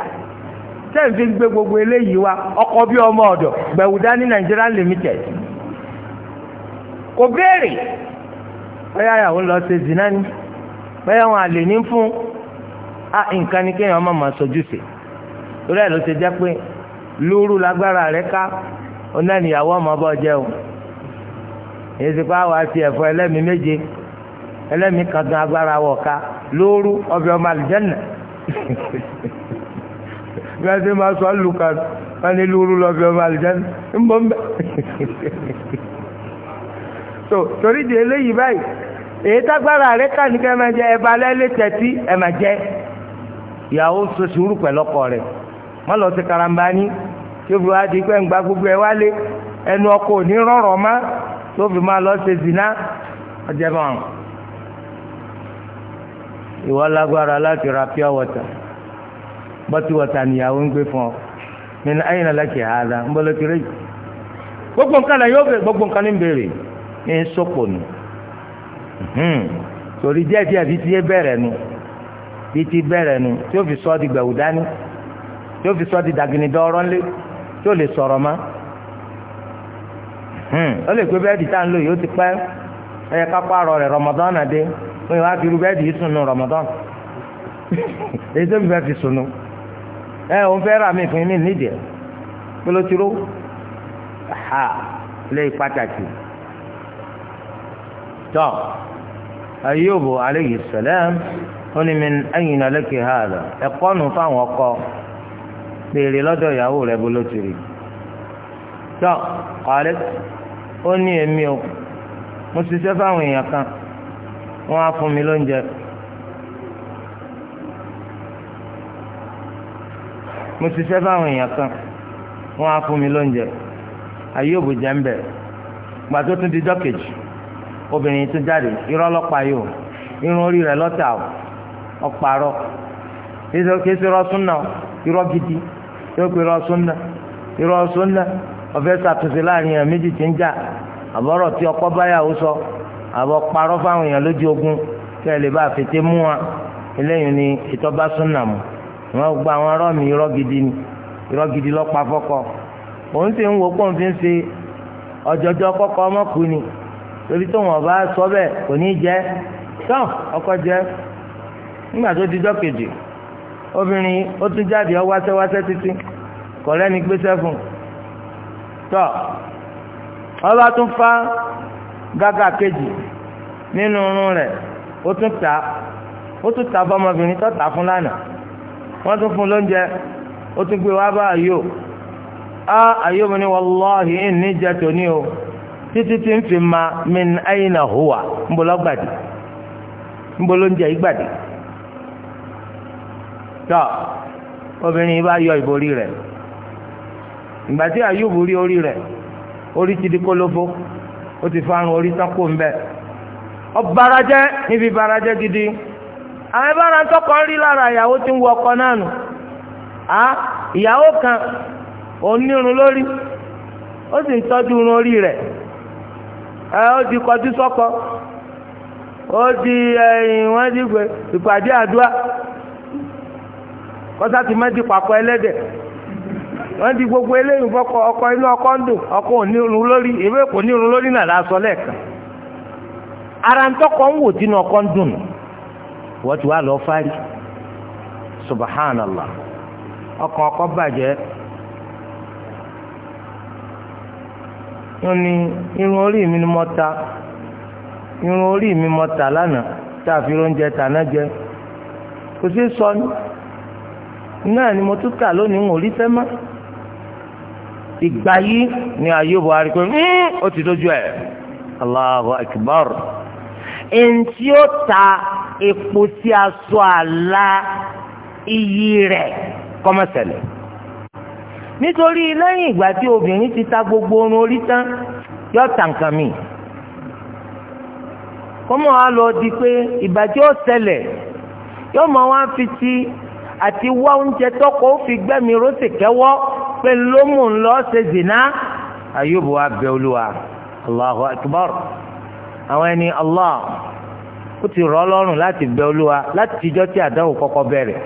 ń gbé gbogbo eléyìí wa ọkọ̀ bí ọmọ ọ̀dọ̀ gbẹ̀wùdá ní Nigeria limited kò béèrè lọ ṣe zina ni bóyá wọn àlè fún a nǹkan ni kéèyàn ọmọ màá sojú sí ẹ̀ ló ṣe jẹ́ pé lóru lágbára ká ọmọ bọ́ jẹ́ o èyí ti ẹlẹ́mìí kan gan agbára wọ̀ ká lóru ọbẹ̀ ọmọ àlùjẹ́nà bí wọ́n ti máa sọ ọ́ lùkà wọ́n ní lóru lọ́bẹ̀ ọmọ àlùjẹ́nà ń bọ́ ń bẹ́ so torí di eléyìí báyìí èyí tágbára rẹ kà ní ká ẹ máa jẹ ẹ bá lẹ́lẹ́ tẹ̀tí ẹ máa jẹ ìyàwó sòṣùrù pẹ̀lú ọkọ rẹ̀ wọ́n lọ sí karambani tí ó fi wá di pé ń gbogbo ẹ wálé ẹnu ọkọ ò ní rọrọ̀ mọ́ tó fi máa lọ ṣe zina ọjọ́ náà. ìwọ lágbára láti ra pure water bọ́tù water nìyàwó ń gbé fún ọ nínú ayélujára láti ń gbogbo nǹkan náà yóò bẹ gbogbo nǹkan ní bèrè ní sọ́pọ̀ nù torí díẹ̀ díẹ̀ bí ti bẹ̀rẹ̀ nu bí ti bẹ̀rẹ̀ nu tí ó fi di gbẹ̀wù dání tí ó fi di dàgìnì dọ́rọ́ ńlẹ̀ tí ó lè sọ̀rọ̀ ó lè gbé di tá à ti pẹ́ ẹ̀yẹ kápá wọ́n yóò wá fi irú bẹ́ẹ̀dì yìí sùn nù Ramadan <laughs> èyí tó bẹ́ẹ̀ fi sùn nù ẹ òun fẹ́ rà mí fún mi nídìí kpolotiro ha lè pàtàkì tọ́ Ayubu aleyhi salam ó ní min ha lọ ẹ̀kọ́ nù fáwọn ọkọ béèrè lọ́dọ̀ ìyàwó rẹ̀ bolotiri tọ́ ọ̀rẹ́ ó ní èmi o mo ṣiṣẹ́ fáwọn èèyàn kan. wọ́n á fún mi lóúnjẹ. mo ṣiṣẹ́ fáwọn èèyàn kan wọ́n á fún mi lóúnjẹ jẹ́ ń bẹ̀ gbà tó tún di dọ́kèjì obìnrin tún jáde irọ́ irun orí rẹ̀ lọ́tà ọ̀pàrọ̀ kéésì irọ́ gidi yóò pe ọ̀fẹ́ méjì ń jà àbọ̀rọ̀ sọ. àbọ̀ parọ́ fáwọn èèyàn lójú ogun kí ẹ lè bá àfètè mú wa eléyìí ni ìtọ́ba súnà mu wọn gba àwọn arọ́ mi irọ́ gidi ni irọ́ gidi lọ́pa fọ́kọ òun sì ń wo pọ́n fi ń ṣe ọ̀jọ̀jọ̀ kọ́kọ́ ọmọkùnrin torí tó wọn bá sọ bẹ́ẹ̀ kò ní jẹ́ tán ọkọ jẹ́ nígbà tó di dọ́kejì obìnrin ó tún jáde ọ wáṣẹ́wáṣẹ́ títí kọ̀rẹ́ ni gbéṣẹ́ fún un tọ́ ọba tún fa gágà kejì nínú irun rẹ̀ ó tún ta ó tún ta fọmọbìnrin tó fún lánàá wọ́n tún fún lóúnjẹ ó tún gbé wá bá àyò á àyò mi ní jẹ o títí tí ń fi ma min huwa ń lọ́gbàdì ń lóúnjẹ ìgbàdì tọ́ obìnrin bá yọ ìborí rẹ̀ ìgbà tí orí ó ti fárun orí tọ́kù ń bẹ̀ ọ̀bàràjẹ́ níbi gidi àwọn ìbára tọkọ ń rí lára ìyàwó tí ń wọ ọkọ náà nù á ìyàwó kan òun nírun lórí ó sì ń tọ́jú irun orí rẹ̀ ẹ ó ti kọjú sọ́kọ ó di ẹ̀yìn ti ìpàdé àdúrà kọ́sá ti wọ́n di gbogbo eléyìí fọ́kọ ọkọ inú ọkọ ń ọkọ òní irun lórí ìwé kò ní irun lórí náà lásọ lẹ́ẹ̀kan ara ń tọkọ ń wò ọkọ̀ ọkọ ń dùn wọ́n ti wá lọ fárí ọkọ ọkọ bàjẹ́ wọ́n irun mi ni ta irun orí mi lánàá tá a fi oúnjẹ jẹ kò ni mo tún kà lónìí ìgbà yìí ni ayubu arikpe hmm, ó ti dojú ẹ Allahu akbar ntí ó ta epo tí a sọ àlá iyì rẹ̀ kọ́mọ́sẹ̀lẹ̀ nítorí lẹ́yìn ìgbà tí obìnrin ti ta gbogbo orun orí tán yóò ta nǹkan mi kọ́mọ́ wa lọ di pé ìbàjẹ́ ó ṣẹlẹ̀ yóò mọ wá fi ti. àti wá oúnjẹ tọkọ ó fi gbẹ́mi rósì kẹ́wọ́ pé ló mú un lọ ṣe zina ayúbù wa bẹ olúwa allahu akbar àwọn ẹni allah ó ti rọ̀ lọ́rùn láti bẹ olúwa láti tijọ́ tí àdánwò kọ́kọ́ bẹ̀rẹ̀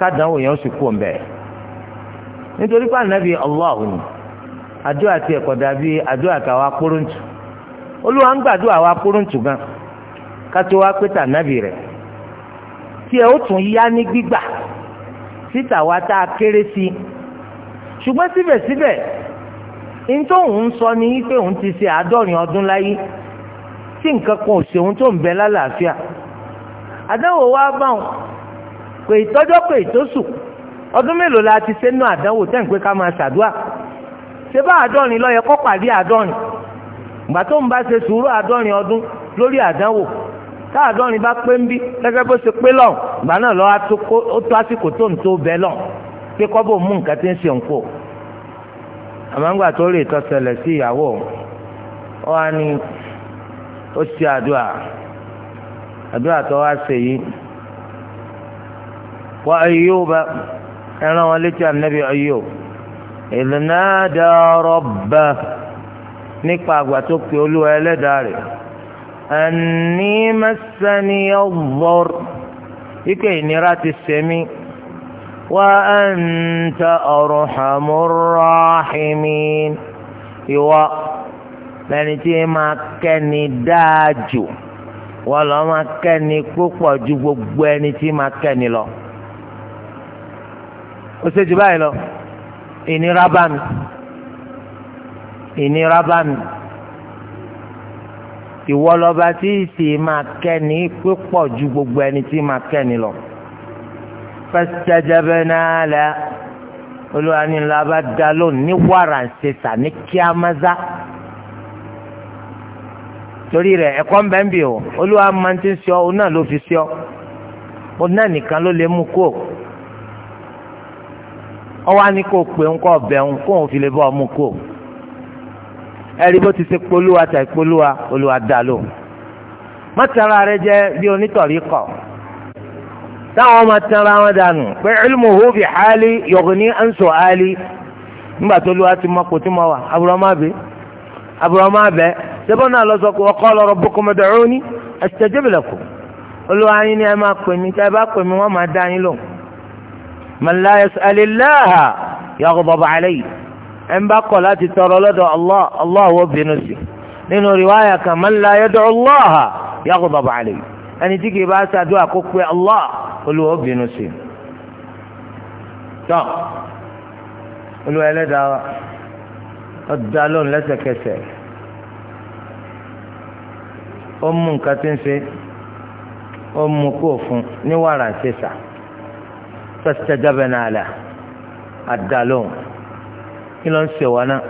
kádánwò yẹn ó sì kú ọ̀nbẹ̀ nítorí pé ànábì allah ni àdúrà tiẹ̀ kò dàbí àdúrà wa kúrúntù olúwa ń gbàdúrà wa kúrúntù gan kátó wa pé tànábì rẹ̀. tiẹ̀ ó tún yá ní gbígbà síta wa tá a kéré sí ṣùgbọ́n síbẹ̀síbẹ̀ nítòhún ń sọ ní pé òun ti ṣe àádọ́rin ọdún láyé tí nǹkan kan ò ṣe òun tó ń bẹ lálàáfíà àdánwò wa bá wọn pé ìtọ́jọ́ pé ìtòsùn ọdún mélòó la ti ṣe nú àdánwò tẹ́ ń pé ká máa ṣàdúrà ṣe bá àádọ́rin ló yẹ pàdé àádọ́rin ìgbà tó ń bá ṣe sùúrù àádọ́rin ọdún lórí àdánwò táàdọ́rin bá pé ń bí gẹ́gẹ́ bó ṣe pé lọ́hùn ìgbà náà lọ́wọ́ ó tó àsìkò tó ń tó bẹ́ẹ̀ lọ́hùn pé kọ́bọ̀ mú nǹkan tí ń ṣe nǹkó àmọ́ngbà tó rí ìtọ́sẹ̀lẹ̀ sí ìyàwó ó wá ní ó ṣe àdúrà àdúrà tó wá ṣe yìí wá Ayyuba ẹran wọn létí ànábì Ayyub idh nada rabbah nípa àgbà tó pe olúwa ẹlẹ́dàá rẹ̀. أني مسني الضر إكي نرات السمي وأنت أرحم الراحمين ìwọ lẹni tí máa kẹ́ni dáa jù wọ́n lọ máa kẹ́ni púpọ̀ ju gbogbo ẹni tí máa kẹ́ni lọ. ó ṣe jù báyìí lọ ìnira bá mi ìnira bá mi ìwọ lọba tí ìsì máa kẹ́ni pípọ̀ ju gbogbo ẹni tí máa kẹ́ni lọ. fastajabna la olúwa ni ńlá bá dá lónìí ní wàrà ń ṣe sà ní kíá mọ́sá torí rẹ̀ ẹ̀kọ́ ń bẹ ń bì ọ olúwa máa ti ń sọ ọ náà ló fi sọ ọ náà nìkan ló lè mú kó ọ wá ní kó pé ń kó ọbẹ̀ ń kó òun fi lè bọ́ ọ mú kó ẹ̀rí bó ti ṣe polúwa tà polúwa olúwa dá lò má tara rẹ jẹ́ bí onítọ̀rí kọ̀ táwọn ọmọ tara wọn dànù pé ilmuhu bi hali yughni an su'ali nígbà tó lu àti mọ́kò tí mo wà aburama bẹ aburama bẹ sẹ́fọ́n náà lọ sọ pé wa qala rabbukum ud'uni astajib lakum olúwa yín ni ẹ máa pè mí tẹ́ ẹ bá pè mí wọ́n máa dá yín lò man la yas'alillaha yaghdab alayhi ẹn bá kọ̀ láti tọrọ lọ́dọ̀ Allah Allah ó bínú sí nínú riwaya kan man la yad'u Allah yaghdab alayhi ẹni tí kìí bá ṣàdúrà kó pé Allah Olúwa ó bínú sí. tọ́ Olúwa ẹlẹ́dàá ọ̀dà lóun lẹ́sẹ̀kẹsẹ̀ ó mú nǹkan tí ń ṣe ó mú kó fún ní wàrà ṣe sà fastajabna lahu àdá lóun kí ló ń ṣe wá náà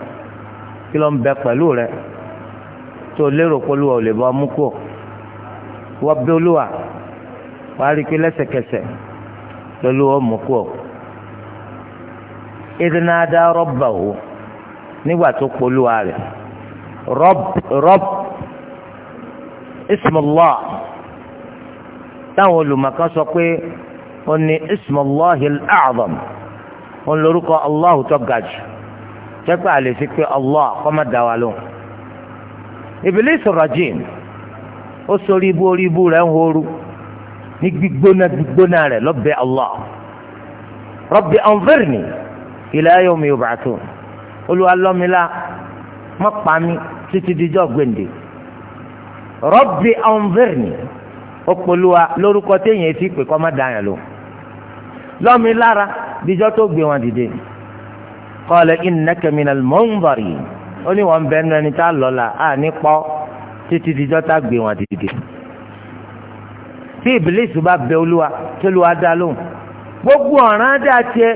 kí ló ń bẹ pẹ̀lú rẹ tó lérò polówó lè bọ́ mú kó wọ́n bí olúwa wàá rí i pé lẹ́sẹ̀kẹsẹ̀ lọ́lọ́wọ́ mú kó ìdínàdá rọ́bà wò nígbà tó polówó rẹ̀ rọ́b rọ́b ismullah táwọn olùmọ̀kan sọ pé ó ní ismullahil a'zam ó ń lórúkọ Allahu tó sẹ́pẹ́ àlè sí pé Allah kọ́má dá wa lóhùn. Ìbílísì rajim ó sorí ibú orí ibú rẹ̀ ń horu ní gbígbóná gbígbóná rẹ̀ lọ́bẹ̀ẹ́ Allah. Rabbi anzirni ila yawmi yub'athun. Olúwa lọ́mìlá má pa mí títí dijọ́ gbèǹde. Rabbi anzirni ó polúwa lórúkọ téèyàn ti pè kọ́má dá yẹn lóhùn. Lọ́mìlára dijọ́ tó gbé wọn dìde qala innaka minal munzarin ó ní wọ́n bẹ́ẹ̀ nu ẹni tá a lọ́la a ní pọ́ títí dijọ́ tá a gbé wọn dìde. tí ìbílísì bá bẹ olúwa tí olúwa dá lóhùn gbogbo ọ̀ràn dá tiẹ̀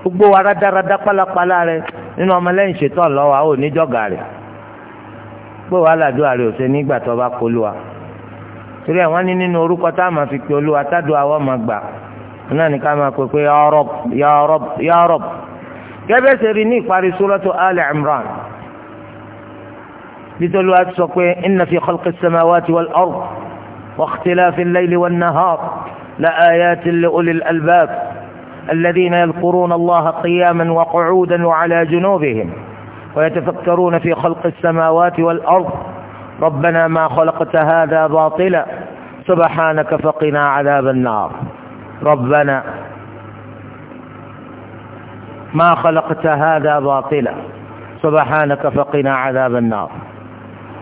gbogbo wa rádaràdá pálapàla rẹ nínú ọmọlẹ́yìn ṣètò lọ́wọ́ àwọn oníjọ́gà rẹ̀ pé wàhálà dúà rẹ̀ ò ṣe nígbà tó bá kó olúwa torí ẹ̀ wọ́n ní nínú orúkọ tá a máa fi pe olúwa tá a dùn àwọn ọmọ gbà náà ní ká máa pè pé ya Rabb ya gẹ́gẹ́ ṣe rí ní ìparí suratu alẹ́ Imran nítorí wàá sọ pé inna fi khalqi samawati wal ọ̀rọ̀ wa ikhtilafi lẹ́yìn wọn náà hàn la ayé ti lè olè albaab alẹ́dí náà ayatin li ulil albab الذين يذكرون الله قياما وقعودا وعلى جنوبهم ويتفكرون في خلق السماوات والأرض ربنا ما خلقت هذا باطلا سبحانك فقنا عذاب النار ربنا ما خلقت هذا باطلا سبحانك فقنا عذاب النار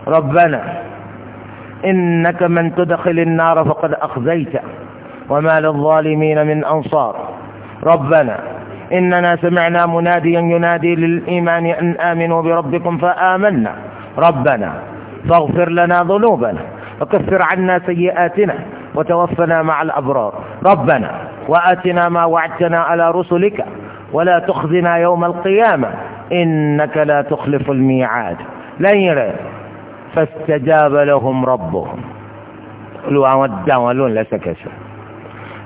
ربنا إنك من تدخل النار فقد أخزيته وما للظالمين من أنصار ربنا إننا سمعنا مناديا ينادي للإيمان أن آمنوا بربكم فآمنا ربنا فاغفر لنا ذنوبنا وكفر عنا سيئاتنا وتوفنا مع الأبرار ربنا وآتنا ما وعدتنا على رسلك ولا تخزنا يوم القيامة إنك لا تخلف الميعاد لين رأي فاستجاب لهم ربهم lu àwọn dá wọn lóhùn lẹ́sẹ̀kẹsẹ̀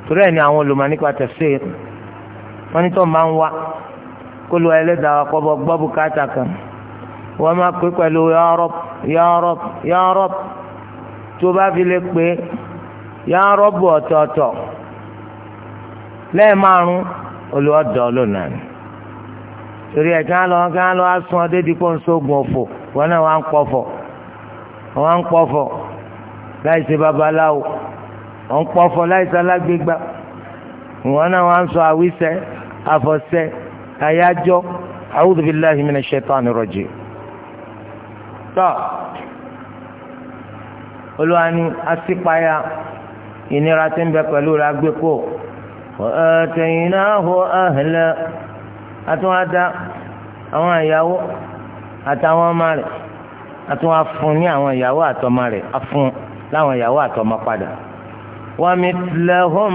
torí ẹ̀ ni àwọn olùmọ̀ nípa tafsir wọn ní tó máa ń wá kó lu ẹlẹ́dàá kọ́ bọ́ gbọ́ bùkátà kan wọ́n máa pè pẹ̀lú ya Rabb ya Rabb ya Rabb tó bá fi lè pè ya Rabb ọ̀tọ̀ọ̀tọ̀ lẹ́ẹ̀márùn-ún olúwa dọ̀ ọ́ lónà ni torí ẹ̀ kí wọ́n lọ kí wọ́n lọ sún ọdẹ di kó ń sógun òfò wọn náà wọ́n á ń pọ̀fọ̀ wọ́n á ń pọ̀fọ̀ láì ṣe babaláwo wọ́n ń pọ̀fọ̀ láì ṣe alágbègbà wọn náà wọ́n á ń sọ àwísẹ́ àfọ̀sẹ́ àyájọ́ a'udhu billahi minash shaitani rajim tọ́ olúwa asípayà ìnira tí ń bẹ pẹ̀lú rẹ̀ agbẹ́kọ̀ọ́. وآتيناه أهلا أتواتا àwọn ìyàwó àtàwọn ọmọ rẹ̀ àtún afun ní àwọn ìyàwó àtọmọ rẹ̀ afun láwọn ìyàwó àtọmọ padà wa mitlahum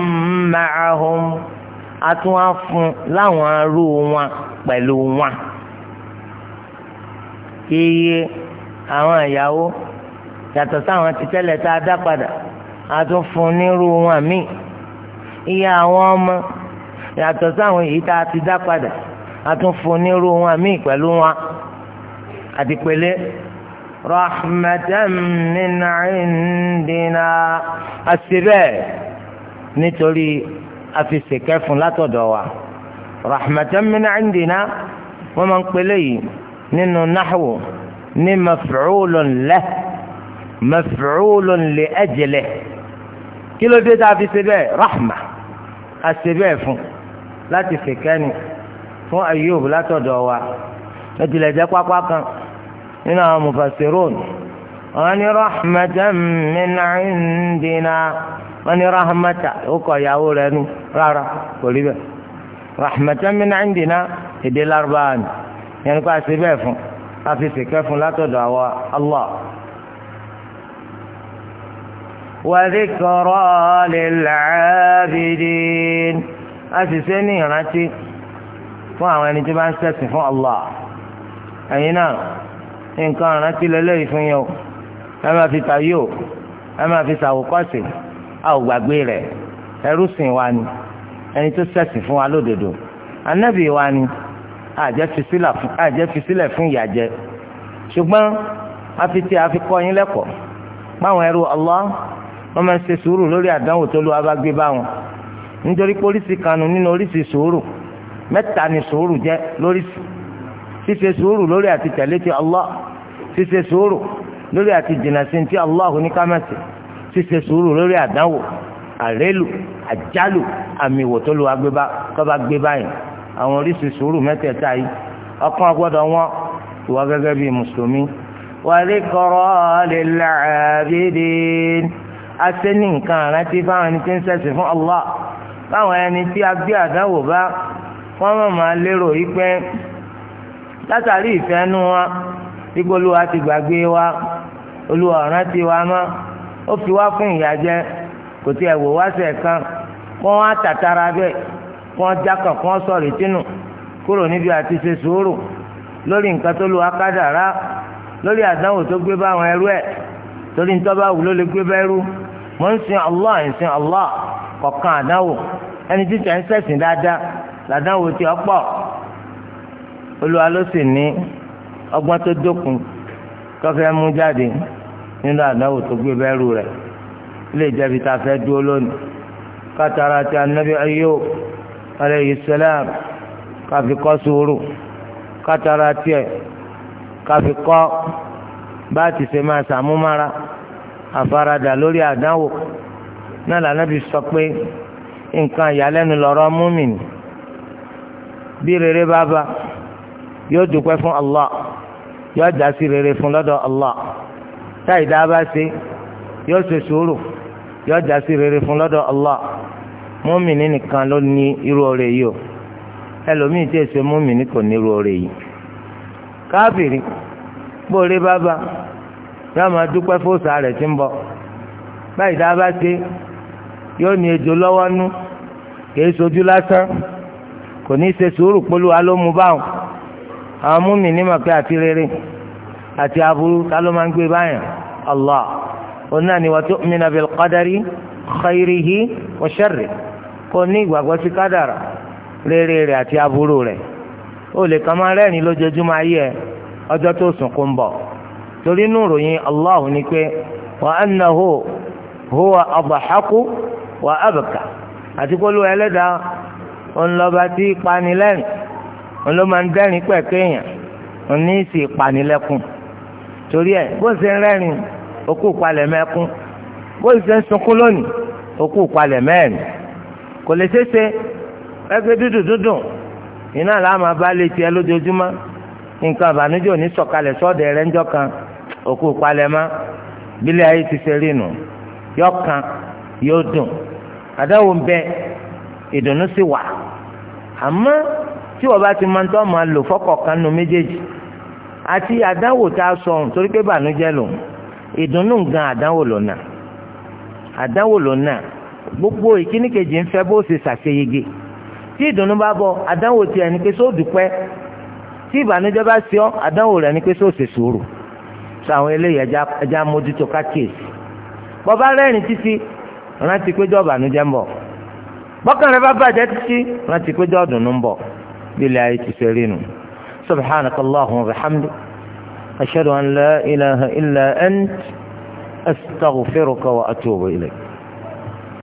ma'ahum àtún afun láwọn arú wọn pẹ̀lú wọn iye àwọn ìyàwó yàtọ̀ sáwọn ti tẹ́lẹ̀ tá a dá padà àtún fún nírú wọn míì iye àwọn ọmọ yàtọ̀ sáwọn èyí tá a ti dá padà a tún fún onírú wọn míì pẹ̀lú wọn àdìpẹ̀lẹ́ rahmatan min indina àṣìbẹ́ nítorí àfisèkẹ́ fún látọ̀dọ̀ wa rahmatan min indina wọ́n máa ń pẹ̀lẹ́ yìí nínú nahwu ní maf'ulun lah maf'ulun li ajlihi kí ló dé tá a fi ṣe rahma. aṣèlú ẹ̀fún láti fìkẹ́ni fún Ayub látọ̀dọ̀ wa ìjìnlẹ̀ jẹ́ pápá kan nínú àwọn mufasirun wọn ní rahmatan min ndina wọn ní rahmata ó kọ ìyàwó rẹ nu rárá kò rí bẹ́ẹ̀ rahmatan min indina èdè lárúbáwá ni yẹn ní kó aṣèlú ẹ̀fún láti fìkẹ́ fún látọ̀dọ̀ àwa Allah. وذكرى للعابدين أسسي نيرتي fún àwọn ẹni tó bá ń ṣẹ̀sìn fún Allah ẹ̀yin náà nǹkan ìrántí lélẹ́yìí fún yín o ẹ máa fi tàyé o ẹ máa fi ṣàwòkọ́sì a ò gbàgbé rẹ̀ ẹrú sìn wa ni ẹni tó ṣẹ̀sìn fún wa lódodo anábì wa ni àjẹ́ fi sílẹ̀ fún ìyàjẹ́ ṣùgbọ́n a fi tí a fi kọ́ yín lẹ́kọ̀ọ́ báwọn ẹrú Allah wọ́n máa ń ṣe sùúrù lórí àdánwò tó lu abágbé bá wọn nítorí pé oríṣi kanu nínú oríṣi sùúrù mẹ́ta ni sùúrù jẹ́ lóríṣi ṣíṣe sùúrù lórí àti tẹ̀lé ti Allah ṣíṣe sùúrù lórí àti jìnnà sí ti Allah ní ṣíṣe sùúrù lórí àdánwò àrélù àjálù àmì tó lu agbébá tọ́ba gbé báyìí àwọn oríṣi sùúrù mẹ́tẹ̀ẹ̀ta yìí ọkàn agbọ́dọ̀ wọn ìwà gẹ́gẹ́ bíi mùsùlùmí wàlíkọ́rọ́ lè làbídìí asẹ́ ní nǹkan àrántí fáwọn ẹni tí ń ṣẹ̀sìn fún Allah fáwọn ẹni tí a gbé àdáwò bá wọ́n mọ̀ máa lérò yìí pé látàrí ìfẹ́ nú wa gbígbó olúwa ti gbàgbé wa olúwa rántí wa mọ́ ó fi wá fún ìyà jẹ kò tí ẹ̀ wò wá sẹ̀ kan kó wọn àtàtàrà bẹ́ẹ̀ kó wọn jákàn kó wọn sọ̀rọ̀ ìtinú kúrò níbi àti ṣe sùúrù lórí nǹkan tó lu akádàrá lórí àdánwò tó gbé báwọn ẹrú ẹ̀ torí nítorí bá wù ló lè gbé bẹ́ẹ̀ rú mò ń sin Allah ń sin Allah kọ̀ọ̀kan àdáwò ẹni títẹ̀ ń sẹ̀sìn dáadáa làdáwò tí ó pọ̀ olúwa ló sì ní ọgbọ́n tó dókun tó fẹ́ mú jáde nínú àdáwò tó gbé bẹ́rù rẹ̀ ilé ìjẹ́bi tá a fẹ́ dúró lónìí kátàrà àti anabi Ayub alayhi salam káfi kọ́ sùúrù kátàrà tiẹ̀ káfi kọ́ bá a ti ṣe máa sàmúmára. àfaradà lórí àdánwò náà lànàbí sọ pé nǹkan ìyàlẹ́nu lọ́rọ̀ múmìnì bí rere bá bá yóò dúpẹ́ fún Allah yóò dá sí rere fún lọ́dọ̀ Allah táì dá bá ṣe yóò ṣe sùúrù yóò dá sí rere fún lọ́dọ̀ Allah múmìnì nìkan ló ní irú oore yìí o ẹlòmíì tí èso múmìnì kò ní irú oore yìí káfìrí rere bá bá. yóò máa dúpẹ́ fóòsà rẹ̀ tí ń bọ̀ báyìí tá a bá ṣe yóò ní ejò lọ́wọ́ nú kìí sojú lásán kò ní í ṣe sùúrù pẹ̀lú alómùbáwọn àwọn múmi ní màpé àti rere àti aburú tá ló máa ń gbé báyàn Allah onáà ni wa tu'mina bil qadari khayrihi wa sharri kò ní ìgbàgbọ́ sí kádàrà rere rẹ̀ àti aburú rẹ̀ ó lè kàn máa rẹ́rìn lójoojúmọ́ ayé ẹ ọjọ́ tó sùn kó ń bọ̀. torí inú ìròyìn Allah ni pé wa annahu huwa adhahaku wa abka àti pólú ẹlẹ́dàá ńlọba tí panilẹ́rìn ńlọba ń dẹ́rìn pẹ̀kẹ́yìn ní ìsì panilẹ́kùn torí ẹ bó ṣe ń rẹ́rìn okú palẹ̀ mẹ́kún bó ṣe ń sunkún lónìí okú palẹ̀ mẹ́rin kò lè ṣeéṣe ẹgbẹ́ dúdú dúdú iná làá máa bá lójoojúmọ́ nǹkan àbànújò ní òkú palẹ̀mọ́ bílẹ̀ ayé ti ṣe rí nù yóò kan yóò dùn àdáwò bẹ ìdùnnú sì wà àmọ́ tí wọ́n ti máa ń tọ́ máa lò fọ́kọ̀ọ̀kan nu méjèèjì àti àdánwò tá a sọ nítorí pé bànújẹ́ lòun ìdùnnú gan àdánwò lòna àdánwò gbogbo ìkíníkejì ń fẹ́ bó ṣe ṣàṣeyege tí ìdùnnú bá àdánwò tiẹ̀ ni pé sóò tí ìbànújẹ́ bá ṣe ọ́ rẹ̀ sọ àwọn eléyìí ẹja mójútó kákìsì bọ́bá rẹ́rìn títí rántí pé jọba ànújẹ́ ń bọ̀ bọ́kàn rẹ bá bàjẹ́ títí rántí pé jọ́ ń bọ̀ lílẹ̀ ayé ti ṣe rí nu subhanakallahu wa bihamdik ashhadu an la ilaha illa ant astaghfiruka wa atubu ilayk.